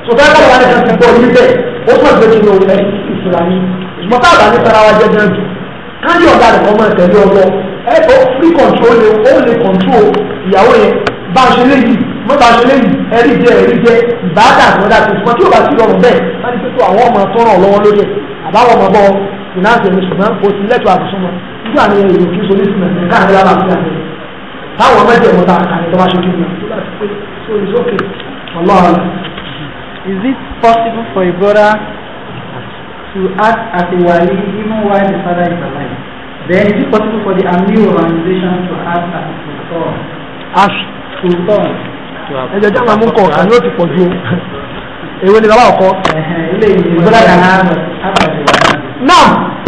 oṣù ti bọ̀ níbẹ̀ ó sọ̀tẹ́ kí ni o ẹ̀ ìfura ni ìmọ̀tá àbá ní káyọ̀ ọ̀gá rẹ̀ kọ́ máa tẹ̀lé ọmọ ẹ ó free control lè ó lè control ìyàwó yẹn bá a ṣe léyìí mo bá a ṣe léyìí ẹ̀rí jẹ́ ẹ̀rí jẹ́ ìbáàdà àtúndà tó ṣùgbọ́n tí o bá ti rọrùn bẹ́ẹ̀ má ní pípọ̀ àwọn ọmọ tọrọ lọ́wọ́ lórí ẹ̀ àbáwọn ọmọ bọ́ ìnáàtì ẹ̀mí ṣùgbọ́n o ti lẹ́tọ̀ àbùsùnmọ́ nígbà ní èrò kí so nísìnyí ẹ̀sìn káàkiri ara àti àti táwọn mẹ́jọ ìmọ̀ta àti tó kí ni so it's okay. Allah. Is it possible for a brother to act as a wali even while the father is alive. Then is it possible for the army organization to act as a sultan? As sultan. Ẹ jẹ́ jáma mú kọ̀ ọ̀kan yóò ti pọ̀ ju èwo ni bàbá ọkọ. Ìgbọ́dọ̀ kan náà àpàdé wa. Now,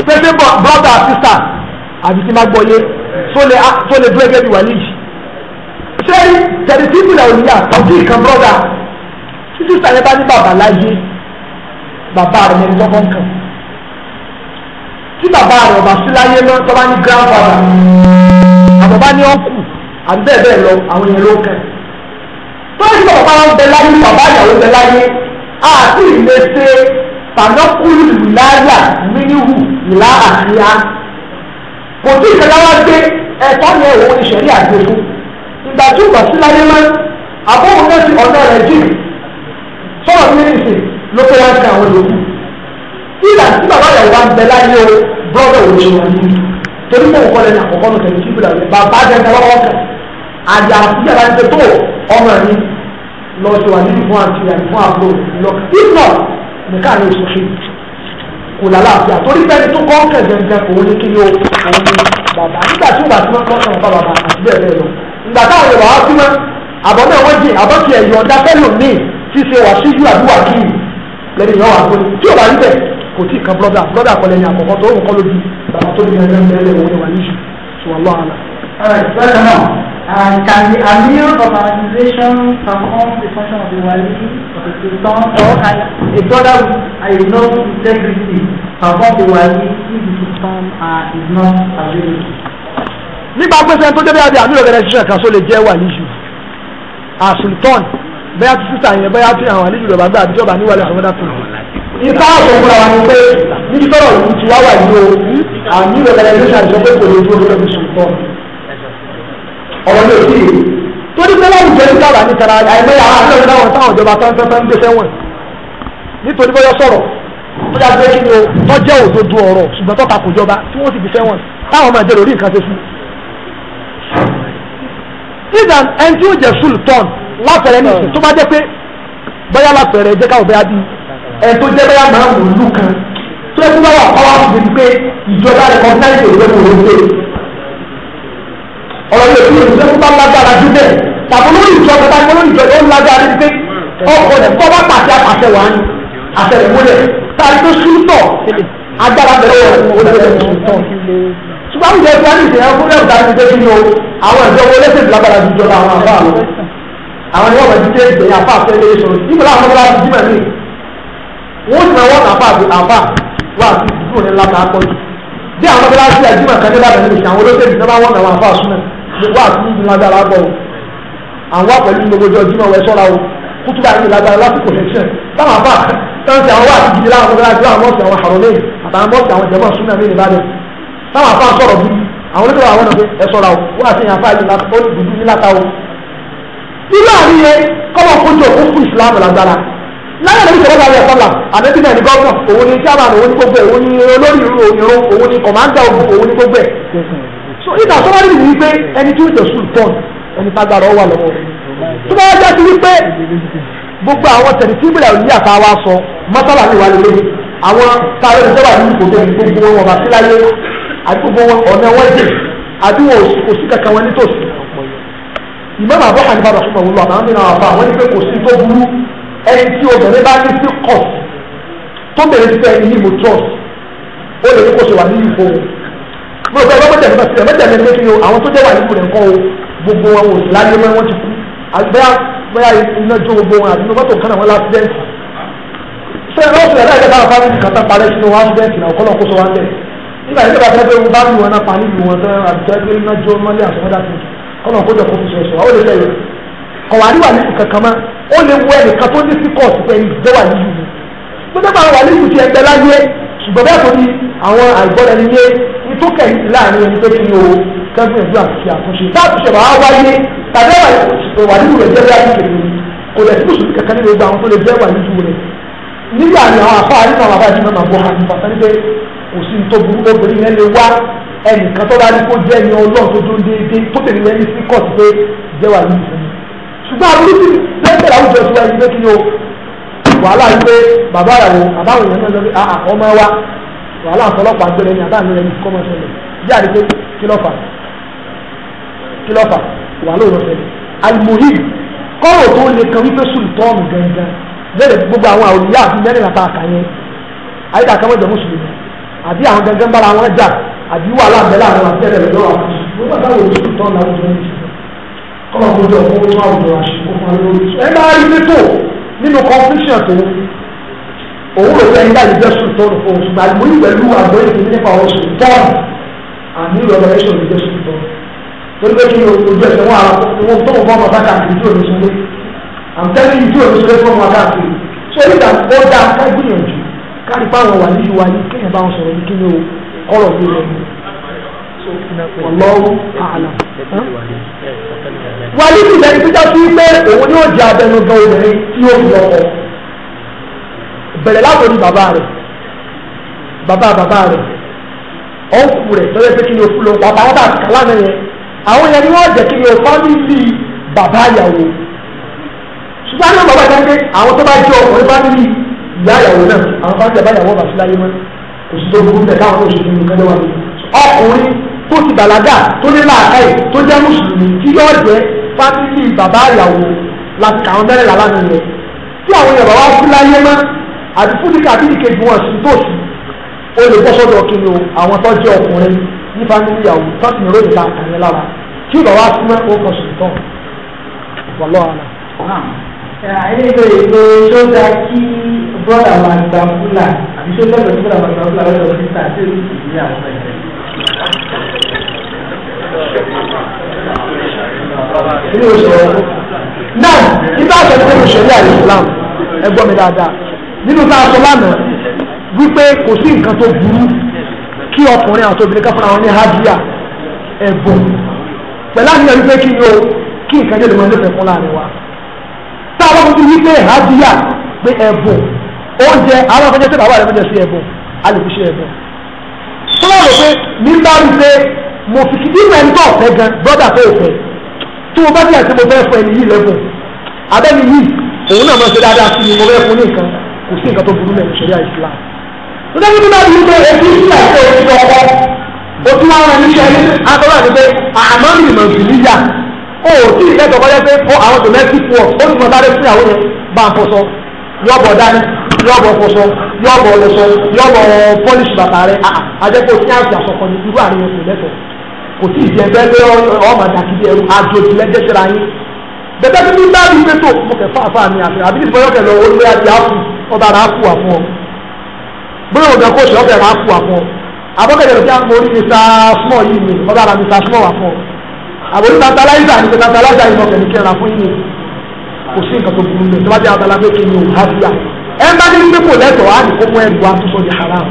pẹ́pẹ́ brother and sister àbí tí máa gbọ́ yé tó lè dúró gẹ́gẹ́ bí wàlíì. Ṣé tẹ̀lifíìmù làwọn ènìyàn tọ́jú ìkan brother? Sísísà yẹn bá ní bàbá láyé bàbá rẹ̀ ní lọ́gbọ́n kan tí bàbá rẹ̀ ọba sí láyé lọ tó bá ní grandfather àbọ̀bá ní ọ̀kù àti bẹ́ẹ̀ bẹ́ẹ̀ lọ àwọn èèyàn ló kàn tó ń sọ bàbá wọn bẹ láyé bàbá ìyàwó bẹ láyé àti ilé ṣe tànàkùlù ìláyà mínírù ìlà àríyá kò tí ìṣẹ̀lá wá gbé ẹ̀tọ́ ní ẹ̀wọ̀n ìṣẹ̀lí àgbẹ̀fọ́ ìgbà tí ìgbà sí láyé mọ́ àbọ̀wọ̀n náà ti ọ̀nà rẹ̀ jìn sọ̀rọ̀ mi ní ìsìn ló fẹ́ wá sí àwọn yòókù ìlà tí bàbá rẹ̀ wá ń bẹ láyé o brọ́dọ̀ ò ní wọn ní torí pé òkọ́ lẹ́nu àkọ́kọ́ ló tẹ̀lé síbi làwọn bàbá jẹ́ ẹ̀ka lọ́wọ́ kan àjà àti yàrá ti tó ọmọ mi lọ sí wà nínú fún àti àti fún àbúrò lọ ìgbà nìkan ní oṣù kìí kò lálàáfíà torí bẹ́ẹ̀ tó kọ́ kẹ̀gẹ́gẹ́ kò ní kí ló òun ní bàbá nígbà tí wọ́n bá tí wọ́n kọ́ bàbá àti bẹ́ẹ̀ bẹ́ẹ̀ lọ ìgbà táwọn Yorùbá wá sí mọ́ àbọ̀ náà wọ́n jìn àbọ̀ tiẹ̀ yọ̀ọ̀dá fẹ́lò míì ti ṣe wàṣíjú àbúwà kìí lẹ́ni yọ̀ wá pé tí o bá rí bẹ́ẹ̀ kò tí kan brọ́dà brọ́dà kọ́lẹ̀ ní àkọ́kọ́ tó ń kọ́ lójú bàbá tó ní ẹgbẹ́ mẹ́lẹ̀ òun ni wà níṣu tí wọ́n lọ́ àlà. can the allele of perform the function of the wali of the sultan or can a brother with a no the wali if the sultan is not available? Nígbà pẹ́sẹ́ tó débẹ̀ àbí àmì ọ̀gẹ̀dẹ̀ ṣiṣẹ́ kan só lè jẹ́ wà níṣu. Àsultan bẹ́ẹ̀ tí sísà yẹn bẹ́ẹ̀ tí àwọn àlejò ìjọba gbé àdìjọba níwájú àwọn ọmọdé tó lọ. ipa àkókò àwọn pé níbi tọ́rọ̀ yìí ti wá wà yìí o àmì ìrọ̀lẹ́lẹ́sà ìjọ pé kò lè gbé kí ni o tó òdodo ọ̀rọ̀ ṣùgbọ́n tó takò jọba tí wọ́n sì fi sẹ́wọ̀n táwọn máa jẹ́ lórí nǹkan ṣe sí. ìdàn ẹni tí ó jẹ́ sultan lápẹ̀rẹ̀ ní ìsìn tó bá jẹ́ pé bóyá lápẹ̀rẹ̀ jẹ́ káwọn bóyá bí ẹ̀ tó jẹ́ bóyá máa ń wò lù kan tó ẹkú bá wà kọ́ wá fún mi pé ìjọba rẹ̀ kan sáré ìṣòro ẹ̀kọ́ ló ń gbé ọ̀rọ̀ yóò fi ìṣẹ́ fún bá lágbára jù bẹ́ẹ̀ tàbí lórí ìjọba bá lórí ìjọba ó lágbára jù pé ọkọ̀ rẹ̀ kọ́ bá pàṣẹ àpàṣẹ wà ní àtẹ̀wọ́lẹ̀ tàbí tó súntọ̀ agbára bẹ̀rẹ̀ wọ̀ ṣùgbọ́n ìjọba ní ìṣẹ̀yàn fún ẹ̀rọ ìdájọ́ ìjọba àwọn ìjọba olóṣèlú lágbára jù jọba àwọn àbá àwọn àwọn ẹni wọ́n wọ́n ti dé ìgbẹ́ àfa àfẹ́ lé sọ̀rọ̀ ìgbẹ́ láwọn ọmọ láti jímọ̀ ní wọ́n ti máa wọ́n àfa àfi àfa wà á ti dúró ní ńlá kan pọ̀jù bí àwọn ọmọ láti àjímọ̀ kan nígbà tẹ̀lé ìṣẹ̀ àwọn olóṣèlú náà wọ́n àwọn àfa àsúnà wà á ti ní lágbára bọ̀ àwọn pẹ̀lú gbogbo jímọ̀ wẹ̀ sọ́ra o kútúbà ní lágbára lásìkò election táwọn àfa táwọn ti àwọn wà á ti gidi láwọn ọmọ láti àwọn mọ́ọ̀sì àwọn àròlé àtàwọn mọ́ọ̀sì àwọn jẹ̀mọ́ súnà ní Ìbàdàn táwọn àfa sọ̀rọ̀ bí àwọn olóṣèlú àwọn ọ̀nà pé ẹ sọ̀ra o wọ́n àti ìyàfa yìí ó ní dúdú ní látàwọn nínú àárín yẹn kọ́mọ kójú òkú fún ìsìlámù lágbára lẹ́yìn lórí ìṣẹ̀lẹ̀ àbí ẹ̀fọ́lá àbẹ́bí náà ní gọ́ọ̀nà òun ní chairman òun ní gbogbo ẹ̀ òun ní olórí ìrún òun ní kọ̀mándà ogun òun ní gbogbo ẹ̀ so ìgbà tó wọ́n rí mi wípé ẹni tí ó jẹ̀ sùn tán ẹni tágbàrọ̀ wà lọ́wọ́ tó bá jẹ́ sí wípé gbogbo àwọn tẹ̀lé tí ìgbìlẹ̀ òní àtà wa sọ mọ́tàlá ní ìwàlẹ̀ lórí àwọn táwọn ìjọba ní ìkòtò gbogbo wọn wà síláyé àdúgbò wọn ọ̀nà wọn jẹ àdúgbò òsì kankan wọn nítòsí ìmọ̀mọ̀ àbọ̀ hànífà rọ̀ṣùpọ̀ wọlé ọ̀nà àmì náà fà wọ́n ní pé kò sí tó burú ẹni tí obìnrin bá ní sí kọ̀s tó bẹ̀rẹ̀ sí ẹni ní mo trọ́s ó lè ní kó ṣe wà ní ìfọ̀ mo rò pé ọgbọ́n mẹ́jẹ̀ nípa sílẹ̀ mẹ́jẹ̀ nípa kí ni àwọn tó jẹ́ wà nípò rẹ̀ nǹkan o gbogbo wọn ò láyé wọn wọn ti kú àgbẹ̀ bóyá iná jó gbogbo wọn àti mọ́tò kan àwọn lásìdẹ́ǹtì ṣé ẹ̀rọ ọ̀sẹ̀ ẹ̀rọ ìjọba àfáàrí nìkan tán parẹ́ sínú wọn lásìdẹ́ǹtì náà ọ̀kọ́ náà kó sọ wọn bẹ́ẹ̀ nígbà yìí tó bá fẹ́ pé wọn bá lù wọn náà pa nílùú wọn náà àti ẹgbẹ́ iná jó mọ́lẹ̀ àtọ́wọ́dá tuntun kọ́nà kójọ kó fi ṣe ẹ̀ṣọ́ àwọn olùsọ yìí ọ̀wà ní wà ní ìsìn kankan máa ó lè wọ ẹnìkan tó ní sí kọ́ọ̀sì pẹ̀lú ìgbẹ́ wà ní ìlú gbọ́dọ̀ bá wà ní ìlú ti ẹgbẹ́ láyé ṣùgbọ́n bẹ́ẹ̀ tó ní àwọn àìgbọ́dọ̀ ní yé ní tó kẹ̀yìn láàrin ẹni pé kí ni o kẹ́gbìn ìlú àti àtúnṣe táàtúnṣe wà á wáyé tàbí wà nínú rẹ̀ jẹ́ bí àtúnṣe kò lẹ̀ sí mùsùlùmí kankan nínú gbogbo àwọn tó lè jẹ́ wà nínú rẹ̀ nígbà ni àwọn àfáà nínú àwọn àfáà ìjìnlẹ̀ máa bọ́ àti pàtàkì pé kò sí ní tó burú obìnrin yẹn lè wá ẹnìkan tó bá ní kó jẹ́ ẹni ọlọ́run tó tó déédé tó tẹ̀lé rẹ ní síkọ̀tì pé jẹ́ wà ní ìfẹ́ ṣùgbọ́n àbúrò tí lẹ́gbẹ̀rẹ̀ àwùjọ ti wá ẹgbẹ́ kí ni o wàhálà yìí pé bàbá ìyàwó àbáwọn èèyàn náà lọ pé àà ah, ah, ọmọ wa wàhálà àtọlọ́pàá gbẹ̀rẹ̀ ni àbáwọn ẹni kọ́ máa ṣẹlẹ̀ yíyá ni pé kí ló fà kí ló fà wàhálà òun ṣẹlẹ̀ alimohi kọ́rọ̀ tó lè kan wípé sultọ́ọ̀nù gangan lẹ́rẹ̀ gbogbo àwọn àwòrán yá àti mẹ́rin àtàkà yẹn àyíká kan mọ́jọ mùsùlùmí àbí àwọn gangan bára wọn jà àbí wàhálà bẹ́lá àwọn àtẹ́rẹ̀ lọ́wọ́ àwọn bàbá wo tó tọ́ ní àwùjọ ní kọ́mọ kó jọ fún wọn àwùjọ àṣìkò fún alóòrì. ẹ bá rí nítò nínú confusion tó òun rò pé ẹni bá lè jẹ́ sùtọ́nù fún oṣù gbà mú pẹ̀lú àgbọ̀ èdè nípa oṣù tọ́ọ̀nù àmì ìrọ̀lẹ́ ẹ̀ṣọ̀ lè jẹ́ sùtọ́nù torí pé kí ojú ẹsẹ̀ wọn àwọn owó tó wọn bá wọn bá káàkiri tí omi sunlé àmì tí omi sunlé fún wọn káàkiri sórí ìgbà ó dáa ká gbìyànjú ká nípa àwọn wà níbi wa yìí kéèyàn bá wọn sọ̀rọ̀ ní kíni o ọ̀rọ̀ mi rẹ̀ ọlọ́wọ́ àlà. wàlí ti bẹ̀rẹ̀ títà sí pé òun yóò jẹ abẹnugan obìnrin tí ó fi ọkọ bẹ̀rẹ̀ látòrí bàbá rẹ̀ bàbá bàbá rẹ̀ ọ̀nkù rẹ̀ lọ́wọ́ pé kí ni o fún lọ bàbá wọn bá kàlá náà yẹn àwọn yẹn ni wọ́n jẹ́ kí ni o fámìlì bàbá ìyàwó ṣùgbọ́n àwọn bàbá ìyàwó àwọn tó bá jẹ́ ọkùnrin fámìlì ìyá ìyàwó náà àwọn fámìlì bàbá ìyàwó bàbá ìyàwó oṣù tó burú tẹ̀ káwọn oṣù tó nìkan lọ́wọ́ ni ọkùnrin tó ti bàlágà tó ní làákàyè tó jẹ́ mùsùlùmí tí yóò jẹ́ fámìlì bàbá ìyàwó láti kàwọn bẹ́rẹ̀ làlá mi rẹ̀ tí àwọn yàrá wa kú láyé mọ́ àti fúnikà àti ìkejì wọn sí tòsí ó lè bọ́ sọ́dọ̀ kí ni o àwọn tó jẹ́ ọkùnrin ní fámìlì ìyàwó tó ti ròyìn ká àyẹ̀ lára tí bàbá fún mẹ́ ó kọ̀sùn tán wọ́lọ́ àná. ẹ̀rọ bọ́ọ̀lù àwọn àgbà fúlà àbí ṣé lọ́dọ̀ tí bọ́ọ̀lù àwọn àgbà fúlà lọ́dọ̀ títà tí ó sì ní àwọn ẹ̀jẹ̀. ilé òṣèlú náà nígbà tó kó òṣèlú àrùn Islam ẹ gbọ́ mi dáadáa nínú tá a sọ lánàá wípé kò sí nǹkan tó burú kí ọkùnrin àti obìnrin káfọ́nà wọn ní hadiya ẹ̀bùn pẹ̀lú àníyàn wípé kí ni o kí nǹkan jẹ́ lè mọ ẹlẹ́fẹ̀ẹ́ fún láàrin wa tá a bá kó wípé hadiya pé ẹ̀bùn oúnjẹ àwọn akọ́jọ́ tí bàbá rẹ̀ mọ́jọ sí ẹ̀bùn a lè fi ṣe ẹ̀bùn tó wà lọ pé nígbà rí pé mo fi kí nínú ẹni tó ọ̀fẹ́ gan brọ́dà tó ọ̀fẹ́ tí mo bá ní àti mo fẹ́ fún ẹni yìí lẹ́bùn abẹ́ni yìí òun náà mọ̀ ṣe dáadáa sí mi mo fẹ́ fún ní nǹkan kò sí nǹkan tó burú mẹ́rin ṣẹ̀ríà Islam tó dẹ́ nígbà rí pé ẹbí ìṣẹ́ àti òṣìṣẹ́ ọkọ o tún wọn ní ṣe àtọ́wà ní pé àmọ́ mi mọ̀ sí níyà o ò tí ì lẹ́tọ̀ọ́ kọ́lẹ́ pé fún àwọn domestic work ó ti mọ̀ sáré fún ìyàwó yẹn bá ń fọṣọ yọ bọ̀ dání yọ̀bọ̀ fọṣọ yọ̀bọ̀ lọṣọ yọ̀bọ̀ pọ́líṣì bàtà rẹ̀ àjẹpọ̀ tí àṣà sọ̀kọ̀ ní irú àríyàn kò lẹ́tọ̀ọ́ kò tí ì jẹ́ bẹ́ẹ̀ pé ọmọ àdàkìdí ẹ̀rù àjòjì lẹ́jẹ́ síra yín bẹ́tẹ́ tí bí bá rí pé tó mo kẹ́ fáfá mi àti àbí ìfọ̀ yọ̀kẹ́ lọ olóyè àti àfù ọba rà áfù àfù ọ bóyá òbẹ̀ kó ṣe ọbẹ̀ rà áfù àfù ọ abọ́kẹ́jẹ̀ lọ́jà mo rí mr small yìí mi ọba rà mr small àfù ọ àbórí tantalizer àti tantalizer ìmọ̀kẹ́ ní kẹ́ra fún yìí kò sí nǹkan tó burú mi tó bá jẹ́ abala méjì ni ò ẹ bá ní pé kò lẹ́tọ̀ọ́ á ní kó mú ẹrù àtúntò di haram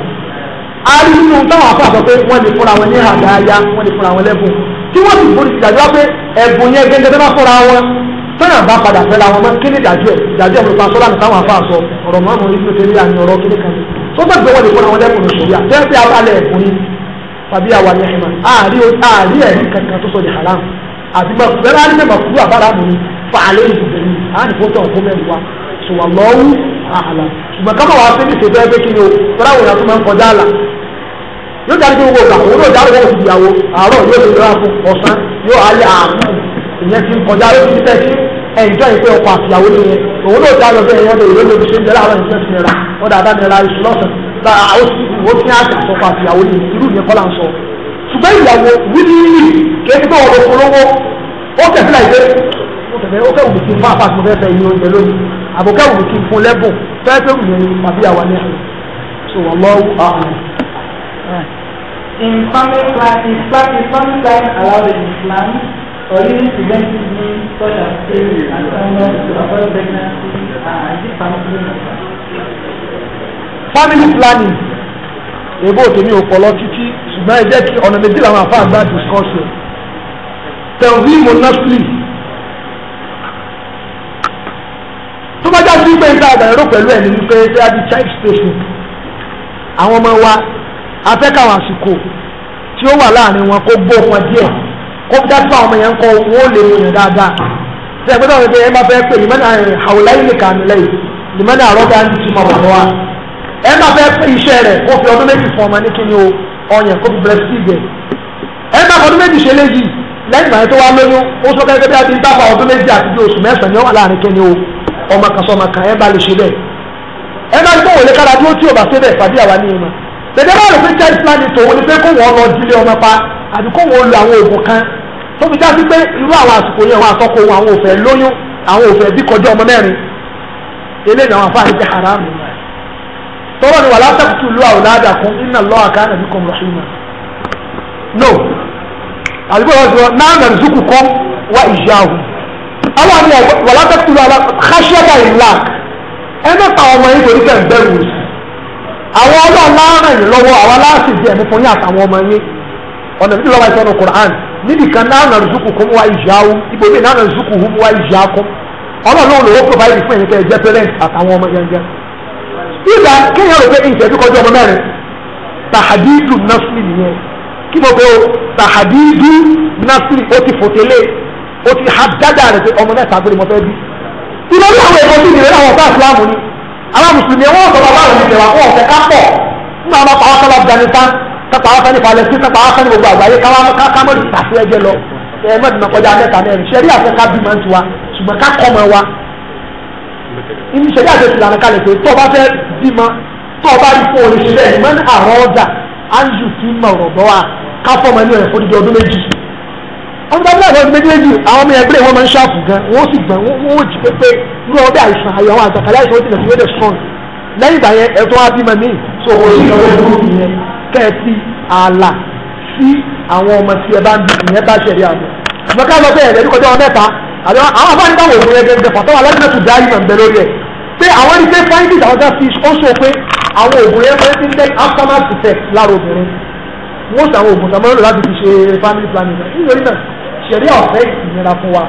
a rí nínú táwọn afọ àgbà pé wọ́n lè fúnra wọn ní àdáyá wọ́n lè fúnra wọn lẹ́bùn tí wọ́n sì borí ìdájọ́ pé ẹ̀bùn yẹn gẹ́gẹ́ bá fúnra wọn tọ́nà bá padà fẹ́ra wọn mọ́ kí ni ìdájọ́ ẹ̀ ìdájọ́ ẹ̀ lópa sọ́lá nìkan wọn afáàsọ ọ̀rọ̀ mọ́mọ́ ìfẹ́ tẹ́lẹ̀ àmì ọ̀rọ̀ kí ni kan ní sọ́tọ̀ gbé wọn lè fúnra wọn lẹ́kùn lóṣù yà tẹ́ pé alẹ́ ẹ̀kùn ni tàbí àwa ni ẹ̀hìn àárí ẹ̀rí kankan tó sọ di haram àti bẹ́ẹ̀ ni màkúrú àbára mi ni fàálẹ́ ìdùnnú àánìkó tó ọ̀kú mẹ́rin wa sọ̀wọ́ lọ́wọ́ àlà ṣùgbọ́n ká má wàá sí ní ìṣètò ẹgbẹ́ kí ni o fúnra wòyàn tó máa ń kọjá àlà yóò dárí pé gbogbo ìgbà òun yóò dárí wọn òsì ìyàwó àárọ̀ yóò lè lọ́ra fún ọ̀sán yóò alẹ́ àmú ìyẹn ti ń kọjá ló ti tẹ́ sí ẹ̀jọ́ ìpè ọkọ àtìyàwó ni yẹn òun náà dá lọ bẹ́ẹ̀ yẹn lè lóde oṣù jẹ́ láàárọ̀ ìṣẹ́ ti nira wọ́n dà dá nira iṣu lọ́sàn bá àwọn ó fi àṣà àtọkọ àtìyàwó ni irú yẹn kọ́ là ń sọ. ṣùgbọ́n ìyàwó wíníwí kéde pé ọ̀rọ̀ polówó ó tẹ̀síláì àbùkà wù kí fún lẹ́bùn fẹ́ẹ́ pé wù ní tàbí àwa ní àná so wọ́n lọ́wọ́ àwọn. In family plan, is practice family plan allowed in Islam or even preventive means such as saving and condoms to avoid pregnancy and is it permissible? Family planning ebo tèmi ò pọlọ títí ṣùgbọ́n ẹ jẹ́ kí ọ̀nà méjì làwọn afáàgbà discuss rẹ̀. Tẹ̀wé Monasli torí pé nígbà àgbàlérò pẹ̀lú ẹ̀ ni wípé ṣé a di child station, àwọn ọmọ wa afẹ́kàwọn àsìkò tí ó wà láàrin wọn kó gbó wọn díẹ̀ kó dájú àwọn ọmọ yẹn ń kọ owó lè ròyìn dáadáa ṣe ìgbésẹ̀ wọn pé ẹ bá fẹ́ pè ní mẹ́ta àwòláyé nìkan nílẹ̀ yìí ní mẹ́ta àrọ́gà ń ti mọ̀ wọ́n wa ẹ bá fẹ́ pè iṣẹ́ rẹ̀ kó fi ọdún méjì fún ọmọ ní kíni o ọyàn kó fi bẹ̀rẹ̀ sí ibẹ̀ ẹ bá fọdún méjì ṣe léyìí lẹ́yìn ìgbà tó wá lóyún ó sọ kẹ́kẹ́ bí a ti ń dábàá ọdún méjì àti bí oṣù mẹ́sàn-án yẹn wà láàrin kíni o ọmọ kan sọmọ kan ẹ bá lè ṣe bẹ́ẹ̀ ẹ bá gbọ́ wọlé kára dúró tí o bá ṣe bẹ́ẹ̀ fàdí àwa ní ìmọ̀ tẹ̀lé bá rò pé child plan tòun ni pé kó wọ́n lọ dílé ọmọ pa àbí kó wọ́n lo àwọn oògùn kan tó fi já sí pé irú àwọn àsìkò yẹn wọn àtọ́kọ wọn àwọn òfẹ́ lóyún àwọn òfẹ́ bí kọjá ọmọ mẹ́rin eléyìí àwọn afáàní jẹ́ haram tọ́rọ ni wà látàkùtù lu awladakum inna Allaha kana bikum rahima no àdúgbò yẹn sọ náà nàìjíríà kọ́ wá ìyá òun ọlọ́run ẹ̀ wọ̀lọ́tẹ̀ tó lọ káṣíọ́tà ìlà ẹ mẹ́ta ọmọ yín torí tẹ̀ ń bẹ̀rù sí àwọn ọlọ́run láàrín yìí lọ́wọ́ àwọn aláàsì di ẹ̀mí fún yín àtàwọn ọmọ yín ọ̀nà ìdílé wa ìsọ̀rọ̀ Qur'an níbi kan náà nà rìzúkù kún wa ìjà ó ibò mi náà nà rìzúkù hù wa ìjà kún ọlọ́run lòwó provide fún ẹ̀yìn kẹ́ ẹ jẹ́ parents àtàwọn ọmọ yẹn jẹ́ ìgbà kéèyàn rò o ti ha dada rẹ pé ọmọ mẹ́ta gbére mọ́tò ẹbí ilé ní àwọn ẹ̀kọ́ síbi rẹ̀ láwọn ọ̀tá ìsìlámù ni àwọn mùsùlùmí wọn sọ bàbá rẹ̀ nìjẹ̀wà wọn ọ̀fẹ́ ká pọ̀ nínú àwọn pàwọ́ sábà Afghanistan kápá wọn sani Palestine kápá wọn sani gbogbo àgbáyé kámọ́lì tàṣí ẹjẹ lọ ẹ mẹ́tìmọ̀ kọjá ọmọ tábìlì àti ọdún méjèèjì àwọn ọmọ ẹgbẹ́ wọn máa ń ṣáàpù gan wọn ó sì gbọ́n wọn ó jí pépé ní ọbẹ̀ àìsàn àyà àtàkàlẹ̀ àìsàn ó ti nàìjíríà dẹ̀ sọ̀n lẹ́yìn ìgbà yẹn ẹ̀tọ́ wa bímọ míì so kò sí ọwọ́ ìlú yẹn kẹ́ẹ̀tì ààlà sí àwọn ọmọ tí ẹ bá ń bí ìyẹn bá ṣẹ̀rí àmọ́ ṣùgbọ́n ká bẹ́ẹ̀ ẹ̀rẹ́ nípa sọ àwọn oògùn yẹn fẹ́ẹ́ láti fi ṣe family planning nítorí náà ṣẹ̀rí ọ̀fẹ́ ìnira fún wa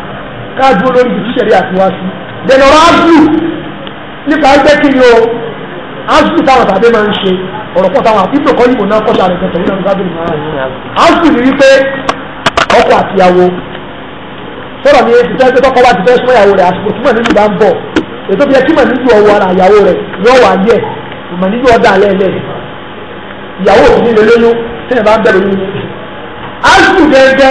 káàdúró lórí ibi tí ṣẹ̀rí àti wá sí dẹ̀nà ọ̀rọ̀ nípa ẹgbẹ́ kí o áṣù táwọn tàbí máa ń ṣe ọ̀rọ̀ pọ̀ táwọn àbí tòkọ́ yìí náà kọ́ṣà rẹ̀ tẹ̀tẹ̀ nínú ìmọ̀ ni wípé sọ̀rọ̀ tọ́kọ́ bá ti fẹ́ ìyàwó rẹ̀ àsìkò nínú ń bọ̀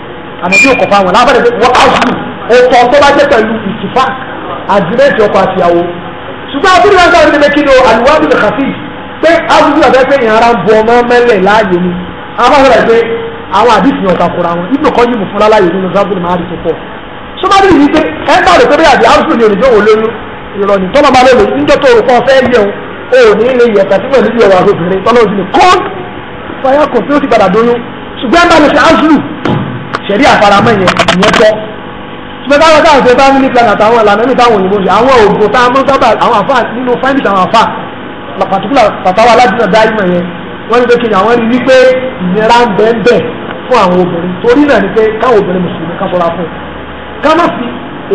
ànàbí ò kọ̀ fáwọn lábẹ́rẹ́ wọ́kàwùsù ọkọ̀ tó bá jẹ́ pẹ̀lú ìtìfà àdìrẹ́tì ọkọ àtìyàwó ṣùgbọ́n abúlé náà sáré níbi kí ni àlùwádìí lè kàfí pé abúlé àbẹ́ pé yàrá ń bu ọmọ mẹ́lẹ̀ láàyè ni amáhùrẹ̀ pé àwọn àdìsí ọ̀tà kura wọn ibùdó kan yìí mú fúnra láàyè nínú sábúlé máa rí tó pọ̀ sọmọdé yìí pé ẹ ń bá rẹ̀ pé àdì áwùsùn ni òrìjọ́ òun lóyún ìrọ̀lì tọ́lá máa lọ lòdì níjọ́ tó rò kọ́ fẹ́ yẹun o ò ní ilé yẹ̀tà sí pẹ̀lú ìyẹ̀wò àgbègbè tọ́lá òsì ni kọ́ fàyà kò tí ó ti padà dóyún ṣùgbọ́n ẹ bá lè ṣe áṣùlù ṣẹ̀rí àfaramọ́ yẹn ìyẹn tọ́ ṣùgbọ́n táwọn táwọn ṣe family plan àtàwọn ìlànà ní táwọn òyìnbó ṣe àwọn òògùn tá a mọ́ sábà àwọn àfa nínú fáńdì àwọn àfa pàtàkùlà pàtàwà aládùúgbò dáìmọ̀ yẹn wọ́n ní pé kí àwọn rí wípé ìnira ń bẹ́ẹ̀ bẹ́ẹ̀ fún àwọn obìnrin torí náà ni pé káwọn obìnrin mùsùlùmí ká sọ́ra fún un ká má fi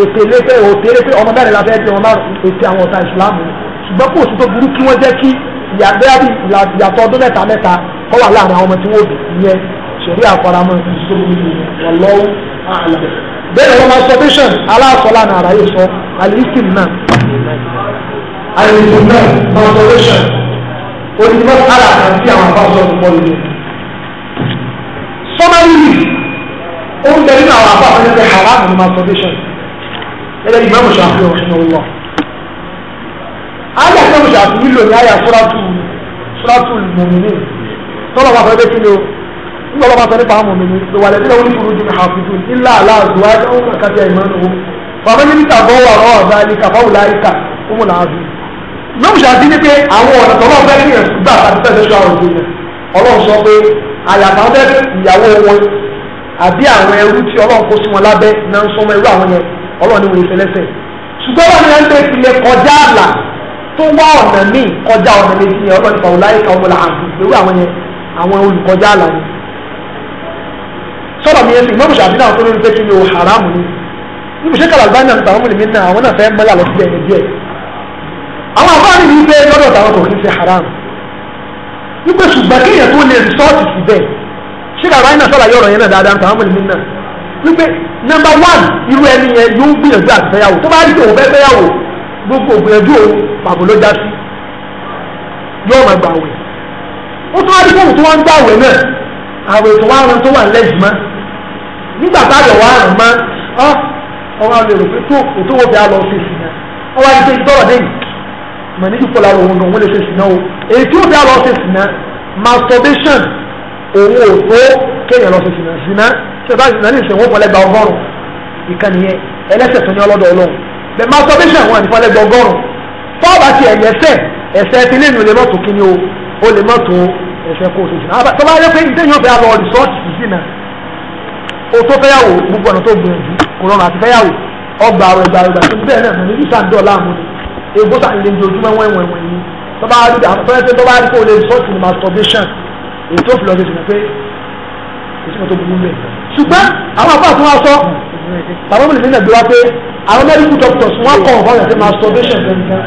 ètè lépe òtè lépe ọmọ mẹ́rin la fẹ́ẹ́ di ọmọ ètè àwọn ọ̀tá ìsìlámù ṣùgbọ́n kò sí tó burú kí wọ́n jẹ́ kí ìyàtọ̀ ọdún mẹ́ta mẹ́ta kọ́ wà láàrin àwọn ọmọ tí wọ́n bì yẹn ṣẹ̀rí àfaramọ́ ìṣòwò ọlọ́wọ́ àlọ́. bẹ́ẹ̀ lọ́wọ́ masturbation aláàfọlá náà àráyè sọ alìsìn náà alìsìn náà masturbation onímọ̀ ara àti àwọn afáṣọ ọ̀pọ̀ ìlú. sọ́mọ́lì ó ń tẹ̀lé àwọn afáṣọ ẹgbẹ́ haram ní masturbation ẹgbẹ́ ìmọ̀ ṣàfihàn ọ̀ṣun ọlọ́ ayé àti ọ̀ṣun àti nílò ní ayé àfúrátù fúrátù mòmìnì tọ́lọ̀ wà fún ẹgbẹ́ kí ni o lọ́wọ́ bá sọ nípa àwọn òmìnir tó wà lẹ́sílẹ̀ wọn kúrú ju àfihù ilá aláàzù wájú ọmọ kàtí àìmánu wọn bàbá ní níta bọ́ wà rọ́ ọ̀gá ní kàfáwù láìka ọmọ làásù lọ́mù ṣáàtì ní pé àwọn ọ̀nà tó lọ́wọ́ fẹ́ẹ́ kíyàn gbà àti fẹ́ẹ́ sọ àwọn òṣèlú ọlọ́run sọ pé àyàfà ń fẹ́ẹ́ ìyàwó wọn àbí àwọn ẹrú tí ọlọ́run kó sí wọn lábẹ́ náà ń sọmọ irú àwọn yẹn ọlọ́run ni wọ́n ìfẹ́ ṣùgbọ́n wọn ni wọ́n ń tilẹ̀ kọjá àlà tó wá ọ̀nà míì kọjá ọ̀nà méjì yẹn ọlọ́run ìfọ̀wọ́ láyé kan wọn là àbí irú àwọn yẹn àwọn olùkọjá àlà yẹn sọ̀rọ̀ mi yẹn sì mọ́mùsà àbí náà tó lórí pé kí ni o haramu ni níbi ṣé kàlàgbá náà tàwọn mọ̀lẹ́mí náà àwọn náà fẹ́ mọ́lá lọ sí ẹni díẹ̀ àwọn afáàní yìí pé lọ́dọ̀ tàwọn kò kí ṣe haramu wípé ṣùgbọ́n kí èèyàn tó lè rìsọ́ọ̀tì sí bẹ́ẹ̀ ṣé kàlàgbá náà sọ̀rọ̀ yọ̀rọ̀ yẹn náà dáadáa tàwọn mọ̀lẹ́mí náà wípé nọ́mbà wán irú ẹni yẹn yóò gbìyànjú àti fẹ́yàwó tó bá rí òun fẹ́ fẹ́yàwó gbogbo ògbìyànjú òun pàbó ló já sí yóò máa gbàwẹ̀ ó tó wá rí fóònù tó wá ń gbàwẹ̀ náà àwẹ̀ tó wá ń tó wà lẹ́yìn mọ́ nígbà táyọ̀ wá rùn mọ́ ọ́ ọwọ́ lè rò pé tó òtó wo bí a lọ ṣe sìnà ọwọ́ àti pé ìtọ́rọ̀ dé yìí mọ̀ níbi kó lára òun òun lè ṣe sìnà o èyí tí ó bí a lọ ṣe sìnà masturbation òun ò tó kéèyàn lọ ṣe sìnà sìnà tí o bá sìnà ní ìṣẹ̀wọ̀n fọlẹ́gba ọgọ́rùn ìkànnì yẹn ẹlẹ́sẹ̀ tó ní ọlọ́dọ̀ ọlọ́run bẹ́ẹ̀ masturbation wọn àti fọlẹ́gba ọgọ́rùn fọ́ọ̀bà ti ẹ̀yẹ ẹsẹ̀ ẹsẹ̀ ti lẹ́nu lè mọ́tò kíní o ó lè mọ́tò ẹsẹ̀ kó o ṣe sìnà tó bá yẹ pé ìdẹ́yìn ọ̀bẹ o tó fẹ́yàwó gbogbo ọ̀nà tó gbìyànjú kò rọrùn àti fẹ́yàwó ọgbà ọ̀rọ̀ ìgbà ìgbà tó bẹ́ẹ̀ náà ní ìta ń dọ̀la àmú ni egbò sàn ilé ojoojúmọ́ wẹ́n wẹ́n wẹ́n ni tó bá rí àwọn fẹ́rẹ́ tó bá rí kó lè sọ sí masturbation èyí tó fi lọ sí pé kò sí mo tó burú mẹ́. ṣùgbọ́n àwọn àbá tó wá sọ bàbá mi nìyẹn gbé wá pé àwọn medical doctors wọn kọ̀ ọ̀hún ọ̀rẹ́ sí masturbation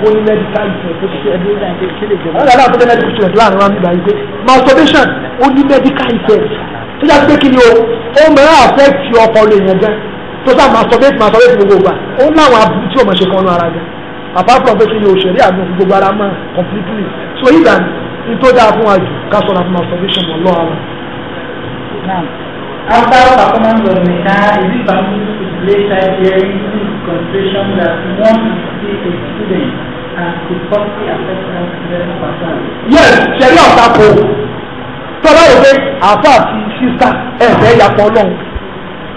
wọ́n ní medical effect. wọ́n dàda àtúndé medical student láàrin wa nígbà yìí pé masturbation ó ní medical effect tó yà pé kí ni o ó mẹ́rà àfẹ́tì ọkọ̀ lè yẹn jẹ́ tó sá máa sọ bẹ́ẹ̀ máa sọ bẹ́ẹ̀ gbogbo gbà ó láwọn aburú tí ọmọ ṣe kan nu ara jẹ apart from pé kí ni òṣèré àgbọn gbogbo ara mọ́ completely so yìí dà ní tó dáa fún wa jù ká sọ̀rọ̀ fún masturbation mọ́ lọ́wọ́ àwọn. After performance of Mina, is it permitted to delay child bearing in consideration that one is be a student and could possibly affect that student's performance? Yes, ṣe ní ọ̀tá kò tọ́lá yóò pé àáfàá ti sísá ẹ̀fẹ́ ìyàpọ̀ ọlọ́run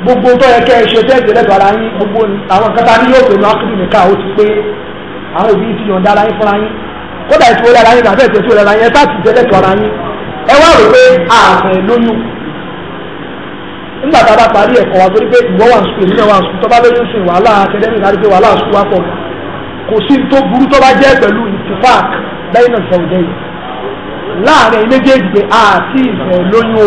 gbogbo tó yẹ kẹ́ ẹ ṣe tẹ́ ìgbẹ́lẹ̀ tó ara yín gbogbo àwọn kẹta ní yóò pẹ̀lú akéwì nìka ó ti pé àwọn òbí ti yọ̀ǹda ara yín fúnra yín kódà ètò ìlera yín tàbí ètò ìlera yín ẹ sáà ti ìgbẹ́lẹ̀ tó ara yín ẹ wá rò pé ààrùn lóyún nígbà tá a bá parí ẹ̀kọ́ wa torí pé ìwọ wà sùkúl nínú wà sùkúl tó bá lóyún sùn wàhálà akadẹ́mì láti pé wàhálà sùkúl wà pọ̀ kò sí tó burú tó bá jẹ́ pẹ̀lú ìtìfáàk lẹ́yìn náà sọ̀rọ̀ jẹ́yìn láàrin méjèèjì pé àti ìfẹ́ lóyún o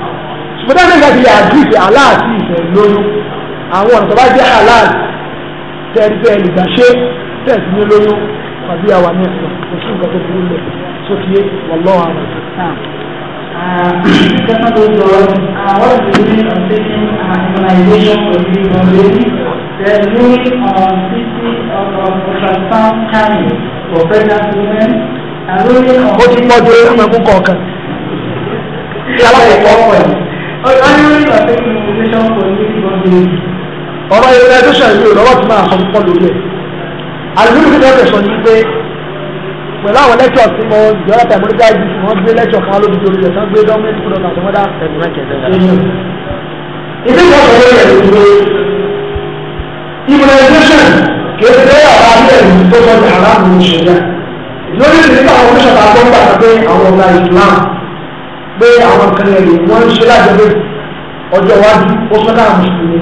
ṣùgbọ́n dáná ìgbà ti àdìsí aláàtì ìfẹ́ lóyún àwọn ọ̀nà tó bá jẹ́ aláàtì tẹ́ẹ̀tẹ́ ìgbàṣe tẹ́ẹ̀tì ní lóyún tàbí àwa ní ẹ̀sìn kò sí nǹkan tó burú lẹ̀ sókè wọ́lọ́ àrùn. Kẹ́sán tó sọ àwọn ìdílé ọ̀sẹ̀kìn àìmọ̀láìdéṣọ̀n pẹ̀lú ìmọ̀lẹ́bí rẹ̀ lórí ọ̀n títí ọ̀rọ̀ ultrasound scanning for pregnant women. Ó ti pọ́jú ẹ̀kọ́ ẹ̀kú kọ̀ọ̀kan. Ṣé alákòókò ọ̀pọ̀ ẹ̀? ọ̀rọ̀ immunization ìlú ìrọ̀rọ̀ tí máa sọ púpọ̀ lórí ẹ̀ àlùmí ìlú ìrọ̀rọ̀ sọ ní pé pẹ̀lú àwọn lẹ́tọ̀ tí mo jọ láti àmúrí gáàjì tí wọ́n gbé lẹ́tọ̀ kan lóbi lórí ẹ̀ tán gbé dọ́mẹ́ntì kúrò náà tó mọ́dá ìdí ìwọ̀n sọ lórí ẹ̀ ló gbé immunization kìí ṣe àwọn abẹ́ ìlú tó sọ ní àrámù ìṣẹ̀lẹ̀ lórí ìdí àwọn oníṣẹ́ pé àwọn kan yẹn lè wọ́n ń ṣe lájọpẹ́ ọjọ́ iwájú ó sọ náà mùsùlùmí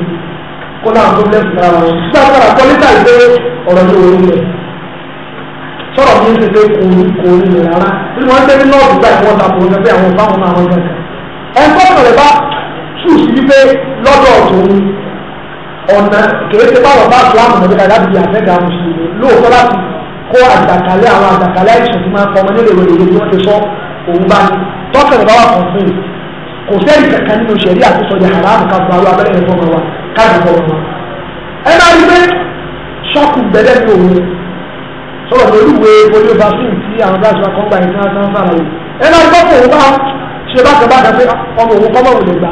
kó náà tó lẹ́sìn náà wọn sígbà tó àpọ̀ níta ìgbé ọ̀rọ̀ ní orí rẹ̀ sọ̀rọ̀ mi ti pé kò ní kò ní rẹ̀ rárá bí wọ́n tẹ́ ní nọ́ọ̀sì gbà ìwọ́n ta kò ní pé àwọn fáwọn náà wọ́n gbà ẹ̀ ń tọ́kọ̀ rẹ̀ bá tù sí wípé lọ́dọ̀ tòun ọ̀nà kéèké tọ́kẹ̀rẹ̀ bá wà fún fún un kò sẹ́yìn kankan nínú ṣẹ̀rí àtúnṣọjà haram ká fún àwọn abẹ́rẹ́ ẹ̀fọ́ wa káàdì fọ́ wa. ẹ máa rí pé ṣọ́ọ̀kù gbẹ̀dẹ̀ ní òun sọ̀rọ̀ lórí ìwé polio vaccine tí àwọn brazil kan gba ìtàn àti àwọn fara yìí ẹ máa rí pé òun bá ṣe bá kẹ́bá kẹ́fẹ́ ọmọ òun kọ́ mọ̀wé gbà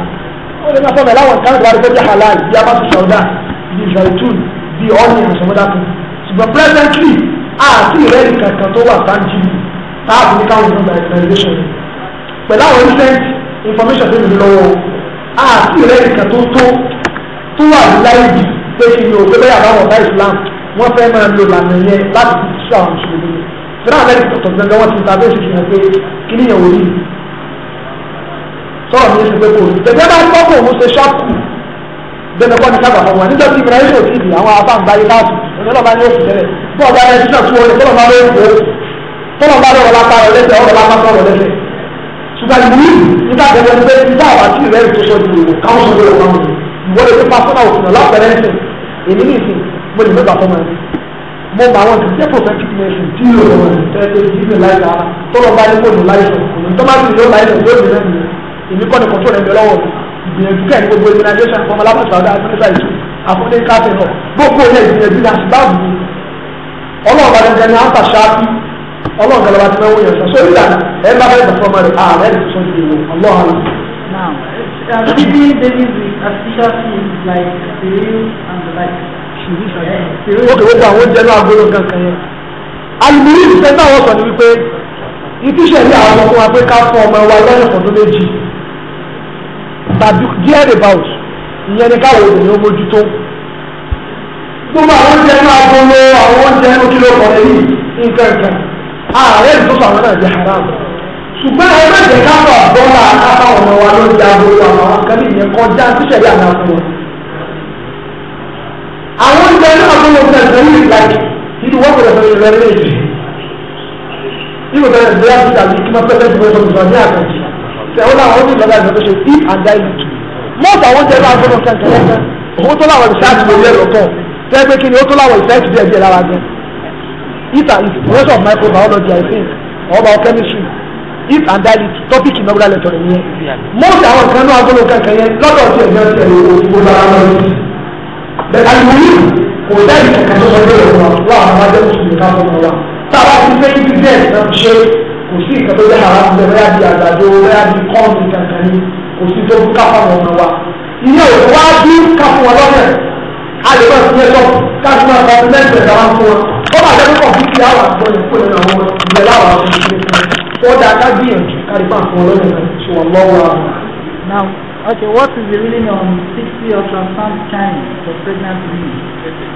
ó lè má fọ́ mẹ́láwọ̀ nǹkan ìgbà rẹ̀ kọjá halal bí a bá ti sọ̀dá bí zaitun bí ọ́nì àṣọmọ́dá kan ṣùgbọ́n presently àti ìrẹ́lì kankan tó wà tangible táàbù ní káwọn ìgbà ìgbà pẹ̀lú àwọn recent information tó ń lọ́wọ́ àti rẹ̀ nìkan tó tó tó wà láyé jù pé kí ni òfin bẹ́ẹ̀ àbáwọ̀ ọ̀tá Islam wọ́n fẹ́ máa lo lànà yẹn láti fi tú àwọn mùsùlùmí tí náà lẹ́yìn tọ̀tọ̀ gbẹ̀ngàn wọ́n ti ta bẹ́ẹ̀ ṣe pé kí ni ìyẹn wòlíì sọ̀rọ̀ mi ṣe pé kò rí tẹ̀gbẹ́ bá gbọ́ kò ń ṣe ṣọ́ọ̀kù gbẹ̀mẹ̀kọ́ ni sábà fọwọ́ nígbà tí Ibrahim ò tíì di àwọn afáǹgbáyé láti ọlọ́ba ní oṣù tẹ́lẹ̀ bí ọba ẹni tí náà tún wọlé tọ́lọ̀ bá lọ́wọ́ tọ́lọ̀ bá lọ́wọ́ lápá rẹ̀ lẹ́sẹ̀ ọ̀rọ̀ lápá sọ̀rọ̀ lẹ́sẹ̀ ṣùgbọ́n ìlú nígbà gbogbo ẹgbẹ́ nígbà wà sí ìrẹ́ ìtòsọ ju káwọn sọ lórí ọ̀kan ìwọ lè fi pásítọ̀ òfin ọ̀lápẹ̀rẹ̀ ẹ̀sìn èmi ní ìsìn mo lè mẹ́ta fọmọ ẹ̀sìn mo mọ àwọn ìdílé prophetic nation tí yóò lọ wọn tẹ́lẹ̀ ìdílé láìsà tó lọ bá ní kò ní láìsà òní tó má sì lọ láìsà tó lè rẹ̀ nìyẹn o kọ́ ni kòtò rẹ̀ lọ́wọ́ ìgbìyànjú kẹ́ ní gbogbo immunization fọmọ alábàṣà àdúrà ìtù àfọdé káfíńọ̀ gbogbo ilé ìgbìyànjú náà sì bá wù mí ọlọ́ọ̀bà dandan ni à ń pàṣẹ ọlọ́run kan lọ́wọ́ ti náwó yẹn sọ sórí ìlànà ẹ bá fẹ́ tẹ̀sán ọmọ rẹ̀ à ah, ẹ̀ ti sọ ìdìbò ọlọ́run àlọ́. now uh, baby baby with artificial things like cereal and the like. ok gbogbo àwọn oúnjẹ náà gbóló kankan yẹn. alùpùpù ìfẹ́ náà wọ́n sọ ni wípé ìfíṣẹ̀ ní àwọn ọmọ wa pé ká fún ọmọ wa lọ́rùn fọdún méjì tàbí díẹ̀ about ìyẹn ni káwọn obìnrin ó mójútó gbogbo àwọn oúnjẹ náà gbóló àwọn oúnjẹ inú kí ló kọ̀ nǹkan kan ààrẹ ìlú sọ̀rọ̀ náà di haram ṣùgbọ́n ẹ má jẹ́ ká bọ̀ bọ́lá apá ọ̀nà wa ló di agogo àwọn akẹ́lẹ́ ìyẹn kọjá tíṣẹ̀ yà náà fún wọn. àwọn oúnjẹ náà tó lọ bẹ̀rẹ̀ pẹ̀lú ìlàjì nínú wọ́n bẹ̀rẹ̀ pẹ̀lú ìrẹ́lẹ̀ èjì nínú bẹ̀rẹ̀ ìdílé àti ìdàgbé kí wọ́n pẹ̀lẹ́ ìdílé tó lọ ní àkànjì tẹ̀wọ́n náà wọ́n ní ìlọ́lá ìdàgbé ṣe eat and dine mọ́ọ̀tà àwọn oúnjẹ náà tó lọ sẹ́ńtẹ̀lẹ́sẹ̀ òun tó láwọn ìṣáàtì lórí ẹ̀rọ kan tẹ́ pé kí ni ó tó láwọn ìṣáàtì díẹ̀ díẹ̀ lára gan if and rest of microbiology i think or chemistry. It and that is topic in our lecture yẹn most àwọn kan náà agbọ́dọ̀ kankan yẹn lọ́dọ̀ tí ẹ̀jẹ̀ ti ẹ̀rọ òṣùwò lára lọ́dọ̀ bẹ́ẹ̀ àlùmí kò dáìbì kankan tó sọ lórí ọ̀rọ̀ wa àwọn ajẹ́ mùsùlùmí ká fọ́ wọn wa tá a bá ti fẹ́ ibi díẹ̀ náà ti ṣe kò sí nǹkan tó yẹ ara ń bẹ bẹ́ẹ̀ bí àgbàdo bẹ́ẹ̀ bí kọ́ọ̀nù kankan ni kò sí tó ká fọ́ wọn wa ìyẹn ò wá bí ká fọ́ wọn lọ́fẹ̀ẹ́ a lè máa fi ẹjọ́ ká kárípà fún ọlọ́run ṣe wà now okay what is the reason on sixty ultrasound time for pregnant women.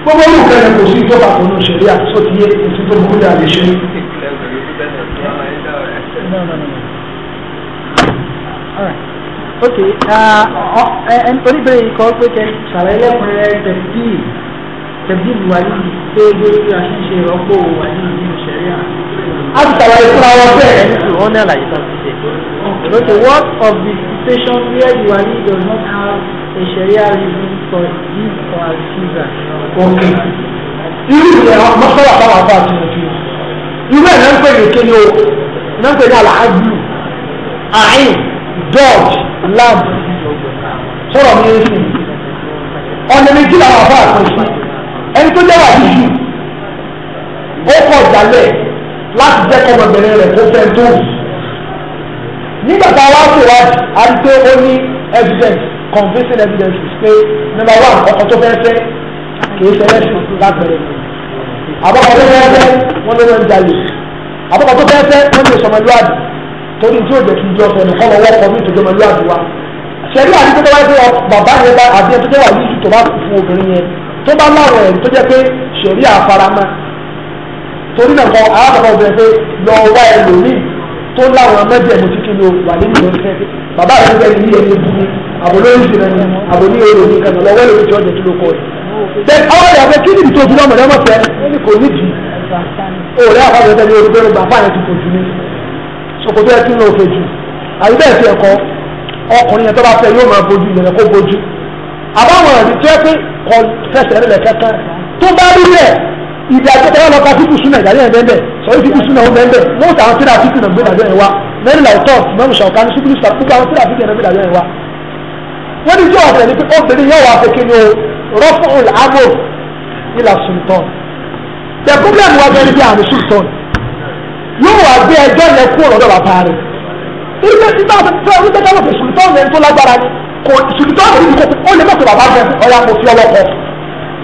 gbogbo olú kẹrẹ kò sí ìjọba kan ní òṣèré àtúntò tí yé kò sí tó burú ní ṣe. no no no. all right okay uh, uh, uh, oníbẹ̀rẹ̀ ikọ̀ pé kẹ ṣàlàyé lẹ́kùnrin tẹ̀sí tẹ̀sí buhari pé gbogbo àṣìṣe ìrọ́pò wà ní ìlú ìṣẹ̀rí àná. a ti ṣàlàyé fún àwọn bẹ́ẹ̀. ó ní àlàyé tán. Okay, what of the situation where the wali does not have a Sharia reason for this or her children? Okay. Irú ìyẹn àwọn mọ́sálà táwọn afá àti òfin. Irú You náà not pè your kéde o, náà ń pè ní àlàájú, àìn, dọ́ọ̀jì, lamb. Sọ̀rọ̀ mi yẹn sìn. On the làwọn afá àti òfin. Ẹni tó jẹ́ wà yíyí, ó kọ̀ jálẹ̀ láti jẹ́ kọ́mọbìnrin rẹ̀ kó fẹ́ tó wù nígbà tá a wá ṣèwádìí a rí pé ó ní evidence convincing evidence pé number one ọkọ tó fẹ́ fẹ́ kì í ṣẹlẹ̀ sùn lágbẹ̀rẹ̀ àbọ̀kọ̀ tó fẹ́ fẹ́ wọ́n ló ń jalè àbọ̀kọ̀ tó fẹ́ fẹ́ wọ́n lè sọmọlúwàbí torí tí yóò jẹ́ kí ìjọ sọ̀rọ̀ kọ́ lọ́wọ́ kọ́ ní ìtòjọmọlúwàbí wa ṣẹlẹ̀ àti tó bá wáyé bàbá yẹn bá àbí ẹni tó wà ní ìtò bá fún obìnrin yẹn tó bá láwọn ẹ̀rí tó jẹ́ pé ṣẹ̀rí àfaramọ́ torí náà kọ́ alábàbà obìnrin pé lọ wá ẹlòmíì tó láwọn mẹ́jẹ̀mú títí lo wà nínú ìfẹ́ bàbá rẹ̀ bẹ́ẹ̀ ní ẹni bíi àbòló ìṣúná ni àbòló èrò ní kàtà lọ́wọ́ lórí tí ọ̀jẹ̀ tí ló kọ́ ẹ̀. then ọwọ́ rẹ̀ fẹ́ kí ni ìtò ìdúró ọmọdé ọmọ fẹ́ ẹni kò ní jì ó rẹ̀ àfàbẹ̀ tẹ́lẹ̀ orúkọ ẹni bàbá yẹn ti fò jù ní ṣòkòtò ẹ̀ tún lọ fẹ́ jù àbí bẹ́ẹ̀ fi ẹ̀kọ́ ọkùnrin yẹn tó bá fẹ́ yóò máa bójú ìyẹn kó bójú àbáwọn ẹ̀rí tó yẹ pé kọ fẹsẹ̀ rẹ̀ lẹ̀ kẹ́kẹ́ tó bá rí bẹ́ẹ̀ ìdájọ́ tó wà lọ ka fífi súnà ìdájọ́ yẹn bẹ́ẹ̀ sọ fífi súnà ó bẹ́ẹ̀ mọ́tò àwọn tíra fífi náà gbé ìdájọ́ yẹn wá mẹ́rin làwùtọ́ mẹ́rin sọ̀ká ní síbílì sọ̀rọ̀ púpọ̀ àwọn tíra fífi náà gbé ìdájọ́ yẹn wá. wọ́n ní tí wọ́n tẹ̀lé pé obìnrin yóò wá fèké ní o rọ́fù ọ̀làmọ̀ ìlà sultan the problem wa bẹ́ẹ̀ ni àmì sultan yóò wá gbé ẹjọ́ yẹn kú ọ̀rọ̀ bàbá rẹ̀ ilé títà ọ̀sẹ̀ tó ń sultan yẹn tó lágbára ni kò sultan yẹn kò ó lè mọ̀tò bàbá rẹ̀ ọ̀yà kò fi ọwọ́ kọ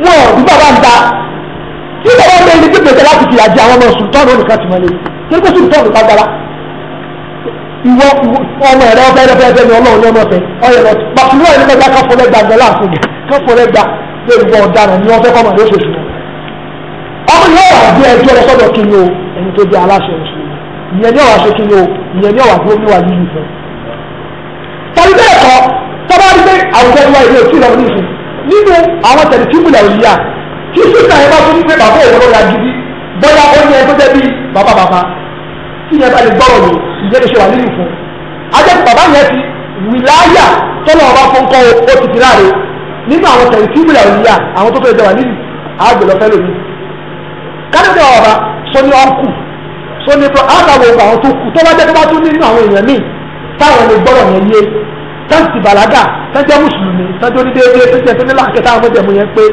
wọn ò bí bàbá ń da kí ló wọ́n lórí ní pèsè láti fìyà jẹ àwọn ọmọ sùntọ́nù nìkan ti mọ́lẹ̀ torí pé sùntọ́nù ká gbára ìwọ ọmọ ẹ̀rọ ọbẹ̀ ẹ̀rọ bẹ́ẹ̀ bẹ́ẹ̀ ọlọ́run lọ́nà ọ̀fẹ́ ọyẹ lọ pàṣípò ẹ̀rọ mẹ́ta káfọ́lẹ́ gba ìgbẹ́ láàfin káfọ́lẹ́ gba lórí ìwọ ọ̀daràn ni wọ́n fẹ́ kọ́ màdé oṣooṣù wọn. ọmọ yóò wà bí ẹjọ́ lọ sọ́dọ̀ kí ni o ẹni tó di aláṣẹ oṣù ìyẹn ni ọ̀wà ṣe kí ni o ìyẹn ni ọ̀wà tó ní wà yìí fún. tàbí bẹ́ẹ̀ kọ́ tọ́ba rí pé àwùjọ kí sísè yẹn bá tún pé bàbá òun ló ra gidi bóyá ó ní ẹ tó jẹ́ bí bàbá bàbá kí yẹn bá lè gbọ́rọ̀ lò ìjẹ́ lè ṣe wà nínú fún un ajẹ́pẹ́ bàbá yẹn ti wìláyà tọ́lọ̀ ọba fún kọ́ ó ti fi láre nínú àwọn tẹ̀sí ìwìlà òníyà àwọn tó fẹ́ jẹ wà nínú àgbẹ̀lọ́fẹ́ lòmí kálífẹ́ ọba sọ ní ọkù sọ ní pé àtàwọn ọgbà àwọn tó kù tó bá jẹ́ tó bá tún nínú àwọn èèyàn míì táwọn lè gbọ́rọ̀ yẹn yé tẹ́ǹtì bàlágà tẹ́jẹ́ mùsùlùmí tẹ́jẹ́ onídéédéé tẹ́jẹ́ tó nílà kẹta àwọn ọmọdé mu yẹn pé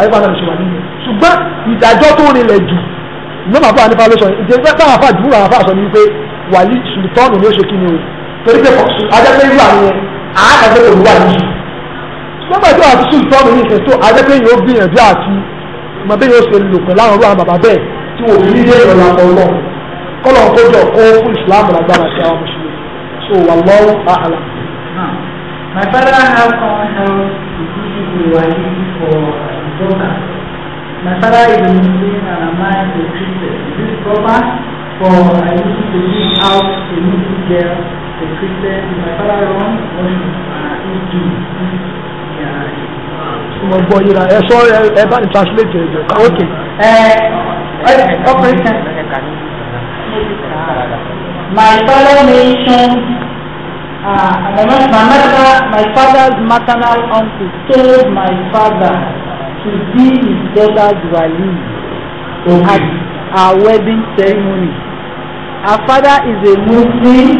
àyíká náà ṣùgbọ́n nínú ṣùgbọ́n ìdájọ́ tó rinlẹ̀ jù mẹ́mà fún ànífà ló sọ ìdílé táwọn afá àdúgbò àwọn afá sọ ni wípé wàlí sultani ni ó ṣe torí pé ajẹ́pẹ́ irú àwọn àádọ́gbẹ́ òru wà níyì nígbà tí wàá ti sultani ní ìfẹ́ tó ajẹ́pẹ́ yóò gbìyànjú àti mọ bẹ́ẹ̀ yóò ṣe lò pẹ̀lú àwọn olúwa bàbá bẹ́ẹ̀ tí wò ní ilé ìrọ̀lá My father has someone else the wali for daughter. Nasara is a Muslim and Amaya is a Christian. Is this proper for I need to give out a Muslim girl, a Christian? Is my wrong? What should I do? mo gbọ́ yìí la ẹ sọ ẹ bá ní translate ẹ jẹ ká. ok ẹ eh, ẹ operation my father mentioned uh, my mother my father's maternal uncle told my father to be his daughter's wali okay. at our wedding ceremony. Her father is a Muslim,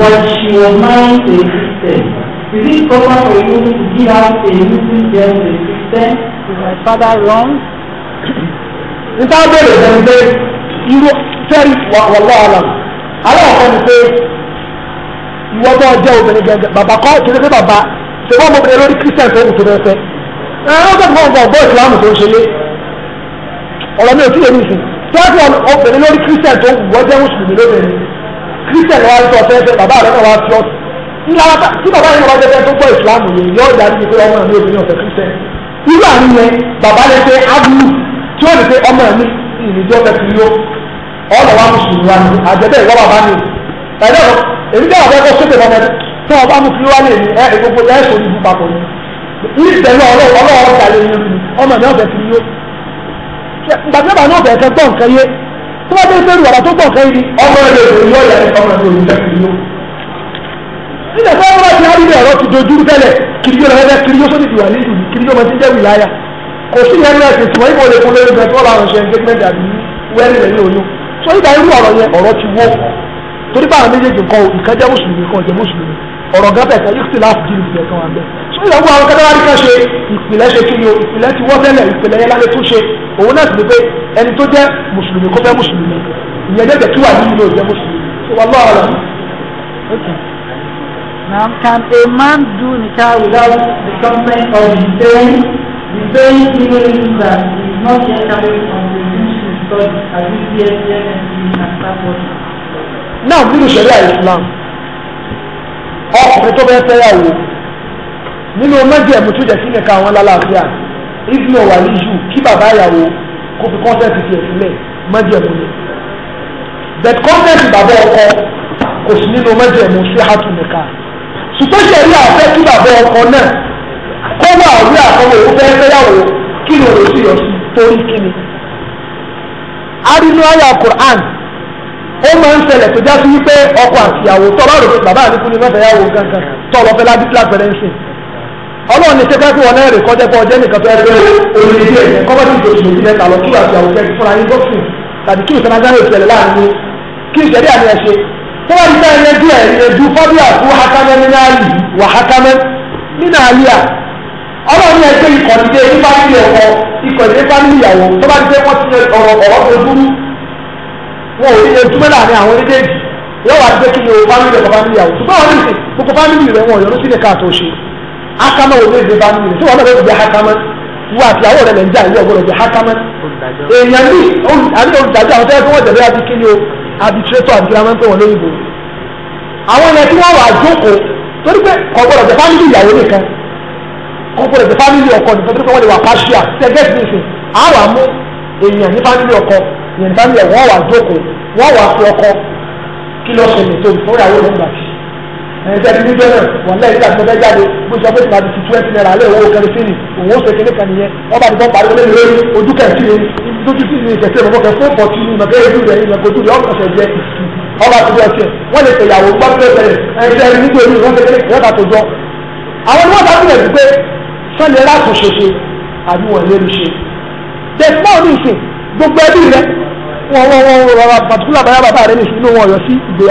but she was married a Christian. Is it proper for you to give out a Muslim girl to a Christian? Is my father wrong? Nípa bẹ̀rẹ̀ sẹ́ni pé irú sẹ́ni wàhálà aláwọ̀ ni pé ìwọ́n bá jẹ́ obìnrin gẹ́gẹ́ bàbá kọ́ kí ló dé bàbá ṣe wọ́n mọ̀ bẹ̀rẹ̀ lórí Christian tó ń tó bẹ́ẹ̀ fẹ́ ẹ̀rọ tó fún ọgbọ̀n ọgbọ́n ìsìlámù tó ń ṣe lé ọ̀rọ̀ mi ò tí èmi sùn tọ́jú ọkùnrin lórí christian tó wọ́ jẹ́ mùsùlùmí lóbìnrin christian wa sọ fẹ́fẹ́ bàbá rẹ̀ wá sí ọ̀sùn tí bàbá yẹn wá jẹ́ tó gbọ́ ìsìlámù yìí yọ ìyá ní pé ọmọ mi obìnrin ọ̀fẹ́ christian irú àmì yẹn bàbá yẹn pé aburú tí ó lè pé ọmọ mi ìrìnjọ́ fẹ́ fi yó ọ̀nà wa mùsùlùmí wa ni àjẹbẹ́ ìwọ́ bàbá mi ẹ̀dọ́ èmi jẹ́ àbẹ́kọ̀ sókè bàbá mi tí wọ́n bá mú kí wá lè ní ẹ̀ gbogbo ẹ̀ sọ ní ìtẹ̀lé ọlọ́wọ́ ọlọ́wọ́ ọ̀dàlẹ̀ yẹn ọmọ mi ọ̀bẹ ti yó gbàgbé bàbá náà bẹ̀ẹ̀ kẹ́ gbọ́ nǹkan yé tó bá dé sẹ́rù bàbá tó gbọ́ nǹkan yé ni. ọmọ rẹ kò yọ ọ̀yà ọmọ rẹ kò yọ ọ̀yà kiri yó. nígbà tó wọn bá ti rárí ọ̀rọ̀ ti dojú tẹ́lẹ̀ kiri yó lọ́wọ́ kiri yó sódì ìwà nídìí kiri yó máa ti jẹ́ wìláyà kò sí yẹn náà tètè wọ́n ìbọn lè fún lórí bẹ́ẹ̀ tó bá wọn ṣe engagement àbí wẹ́rì rẹ̀ ní oyún tó ìgbà irú ọ̀rọ̀ yẹn ọ̀rọ̀ ti wó torí báwọn méjèèjì kan ìkan jẹ́ mùsùlùmí kan jẹ́ mùsùlùmí ọ̀rọ̀ gábẹ̀ẹ́ta yóò sì láti jírí ìfẹ́ kan wà bẹ́ẹ̀ sílẹ̀ wọ àwọn kẹtàwárí kan ṣe ìpìlẹ̀ ṣe kíni o ìpìlẹ̀ ti wọ́ tẹ́lẹ̀ ìpìlẹ̀ yẹn lálẹ́ tó ṣe òun náà sì ni pé ẹni tó jẹ́ mùsùlùmí kó fẹ́ mùsùlùmí ìyẹn dẹ́gbẹ̀ tí wà ní ìlú òjẹ́ mùsùlùmí wà lọ́wọ́ rẹ̀. Okay. Now, can a man do nikah without the consent of the parents? The parents even if that is not yet capable of the ministry study as if he is yet and start working. Now, nínú ìṣẹ̀lẹ̀ Islam, ọkùnrin tó fẹ́ fẹ́ yà wò nínú mẹ́jẹ̀mú tó jẹ́ sílẹ̀ ká àwọn lálàáfíà ibnu waliyu kí bàbá ìyàwó kó fi kọ́ńtẹ́ẹ̀tì tiẹ̀ sílẹ̀ mẹ́jẹ̀mú ni bẹ̀t kọ́ńtẹ́ẹ̀tì bàbá ọkọ kò sí nínú mẹ́jẹ̀mú sí hàtú nìka ṣùgbọ́n ṣẹ̀rí àfẹ́ kí bàbá ọkọ náà kọ́ wà rí àkọwé ó fẹ́ fẹ́yàwó kí ni òun sì yọ sí torí kí ni. arínú àyà Qur'an ó máa ń ṣẹlẹ̀ tó já sí wípé ọkọ àtìyàwó tọ́ bá rò pé bàbá àdínkù ni mẹ́fẹ̀ẹ́yàwó gangan tọ́ lọ fẹ́ lábẹ́ ń sìn ọlọ́run ní ṣe fẹ́ fún wọn náà rè kọjá pé ọjọ́ nìkan tó ẹgbẹ́ olùdíje ẹ̀yẹn kọ́mọ́ tí ìjọba ìjọba mẹ́ta lọ kí àti àwọn ẹgbẹ́ fúnra yín bọ́sùn tàbí kí ìṣẹ̀lẹ̀ náà ìṣẹ̀lẹ̀ láàrin kí ìṣẹ̀lẹ̀ àmì ẹ̀ṣẹ̀ tó wà nígbà yẹn ju ẹ̀ ẹ̀dú fọ́bíà fún hakamẹ́ nínú àlì wà hakamẹ́ nínú àlì à ọlọ́run yẹn gbé ikọ̀ nílé nípa nílé ọkọ ikọ̀ nílé fámìlì ìyàwó tó bá ti dé wọ́n ti ọ̀rọ̀ ọ̀rọ̀ tó dúró wọn ò ní lè dúmọ́ láàrin àwọn onídéèjì yóò wá ti dé kí o fámìlì ọkọ hakama wo ló dé bá nínú tí wọn náà ló di hakama wọn àti àwọn ọ̀rẹ́ nàìjíríà yìí ọgbọ́dọ̀ di hakama èèyàn ní àbí olùdájọ́ àwọn tẹ́lẹ̀ tí wọ́n tẹ̀lé àti kíni o àbítúrétọ̀ àti gírámẹ́ńtò wọn lóyìnbó àwọn yẹn tí wọ́n wà jókòó torí pé ọgbọ́dọ̀ jẹ fámìlì ìyàwó nìkan ọgbọ́dọ̀ jẹ fámìlì ọkọ nìkan torí pé wọ́n lè wà pàṣíà tẹ́gẹ́tì nìsín àwọn àmú èèyàn ní fámìlì ọkọ èèyàn ní fámìlì ọkọ wọ́n wà jókòó wọ́n wà fi ọkọ kí lọ́sẹ̀ nìtòbí fúnra wọn ló ń gbà sí ẹ̀ẹ́dẹ́gbẹ́ níjọ́ náà wọ́n lẹ́yìn nígbà tí wọ́n fẹ́ jáde bó ṣe ọgbẹ́sì máa ti twenty naira lé owó kẹrìsìnì òun ó ṣe kéré kan nìyẹn wọ́n bá ti parí olóyè lórí ojú kẹ̀sì ni lójú sí ni ìṣẹ̀ṣẹ̀ mọ̀ kẹ́ fún pọ̀tù ní ìmọ̀kẹ́ ìlú rẹ̀ ìmọ̀kẹ́ ojú rẹ̀ ọ̀kọ̀ṣẹ̀ jẹ́ ọba tó jọ tiẹ̀ wọ́n lè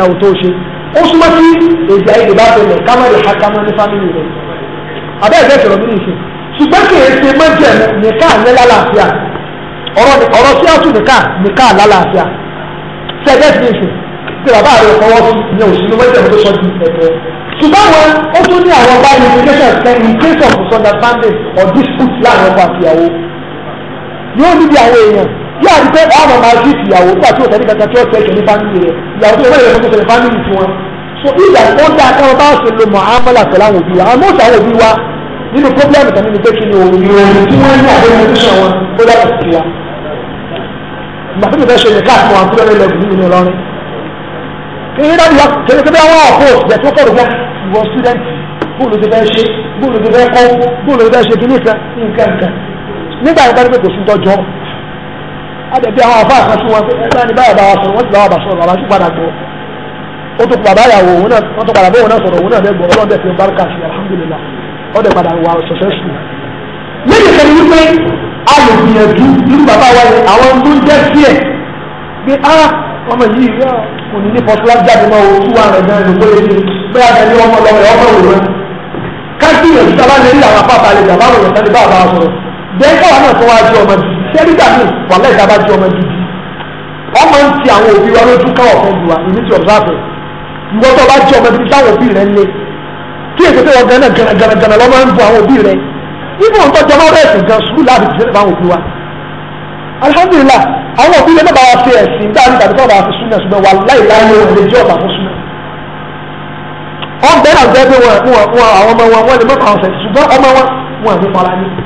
tẹ̀yàwó gbọ́dọ̀ ó súnmọ́ sí èdè àìdè bá bẹ̀rẹ̀ kámẹ́rì hákámọ́ ní fámìlì rẹ̀ abẹ́ ẹ̀jẹ̀ sọ̀rọ̀ mí nìṣe ṣùgbọ́n kì í ṣe mọ́jẹ̀mú nìkan ní lálàáfíà ọ̀rọ̀ sí àtún nìkan nìkan lálàáfíà ṣe ẹ̀jẹ̀ sí nìṣe tí bàbá rẹ̀ fọwọ́ sí ìyẹn òṣìṣẹ́ mọ́jẹ̀mú tó sọ di ẹ̀tọ́ ṣùgbọ́n wọn ó tún ní àwọn bá implication kan in case of misunderstanding or dispute láàrin ọkọ àtìyàwó yóò níbi àwọn èèyàn yóò àti pé ọmọ máa ṣí ìyàwó nígbà tí òtẹ́ni kankan tí ó tẹ̀ ṣẹlẹ̀ fámìlì rẹ̀ ìyàwó tó lè fẹ́ ṣẹlẹ̀ fámìlì tí wọn. so ìyà ó dáa káwọn bá ṣe lo mọ̀hámọ́lá pẹ̀lú àwọn òbí wa àwọn mọ́ọ̀sì àwọn òbí wa nínú pọ́blẹ́mù kan nínú pé kí ni òun ìròyìn tí wọ́n ní àdéhùn ìṣẹ́ wọn ó dàbí sí wa. ìgbà tó fẹ́ ṣe ní káàkiri wọn tó lọ́rẹ́ lẹ́gùn nínú Ìlọrin. kéré dábìí wa kéré tó bá wọn ọ̀pọ̀ ìgbà tó kọ̀rọ̀ fún ìwọ sídẹ́ǹtì bóòlù tó fẹ́ ṣe bóòlù tó fẹ́ kọ́ bóòlù tó fẹ́ ṣe kí nìkan nǹkan nǹkan nígbà yẹn bá ní pé kò sí tọ́jọ́ àdẹ̀bí àwọn àbá kan sí wọn ẹgbẹ́ ni báyà bá wa sọ̀rọ̀ wọ́n ti bá wa bá sọ̀rọ̀ àbájú padà gbọ́ ó tó padà yàwó òun náà wọ́n tó padà bọ́ òun náà sọ̀rọ̀ òun náà dẹ́gbọ́ ọlọ́run dẹ̀ fi bárkà sí alhamdulillah ó dẹ̀ padà wà successful. lẹ́yìn kan wípé a lè gbìyànjú nínú bàbá wa yẹn àwọn tó ń jẹ́ sí ẹ̀ pé á ah, ọmọ yìí kò ní ní fọsílá jáde máa wo tú rẹ̀ gan lóko lè ṣe bẹ́ẹ̀ àtẹ̀lé ọmọ lọ́wọ́ ọmọ òwúrọ̀ káàkiri ìyẹn tí lè rí àwọn apá àbálẹ̀ ìjàmbá wọ̀nyẹn tẹ́lẹ̀ bá sọ̀rọ̀ bẹ́ẹ̀ káwa náà tó wá jẹ́ ọmọ jù sẹ́rígbà mi wà lẹ́yìn dábàá jẹ́ ọmọ gidi wọ́n máa ń ti àwọn òbí wa lójú káwọ̀ fẹ́ lu wa èmi ti ọ̀dọ́ àbẹ̀ ìwọ́n tó bá jẹ́ ọmọ gidi táwọn òbí rẹ̀ ń lé kí èso tó wọn gánà gànàgànà lọ́ máa ń bu àwọn òbí rẹ̀ ibi òun tó jẹ́ ọmọ rẹ̀ gan sùúrù láàbì ti sẹ́lẹ̀ fáwọn òbí wa alhamdulillah àwọn òbí rẹ̀ náà bá wa fi ẹ̀sìn dáhùn tàbí tó bá wa fi súnmọ̀ ṣùgbọ́n wà láìláyé òun lè jẹ́ ọ̀tà fún súnmọ̀ ọ̀bẹ́rẹ̀ àgbẹ̀ pé wọn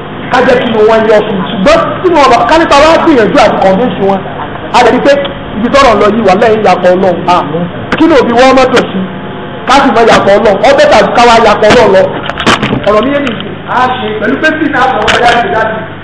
kájẹ́ kí wọ́n yọ sí i ṣùgbọ́n tí wọn bá ká nípa wá gbìyànjú àti kọ̀ǹdéṣin wọn a lè rí pé ibi tọ́rọ̀ lọ yìí wà lẹ́yìn yàtọ̀ ọlọ́run àmú kí ni òbí wọn mọ́tò sí ká sì mọ yàtọ̀ ọlọ́run ọ bẹ́ẹ̀ tàbí káwá yàtọ̀ ọlọ́run lọ ọ̀rọ̀ mi yé mi a ṣe pẹ̀lú pé sí ní àtọ̀wọ́ yá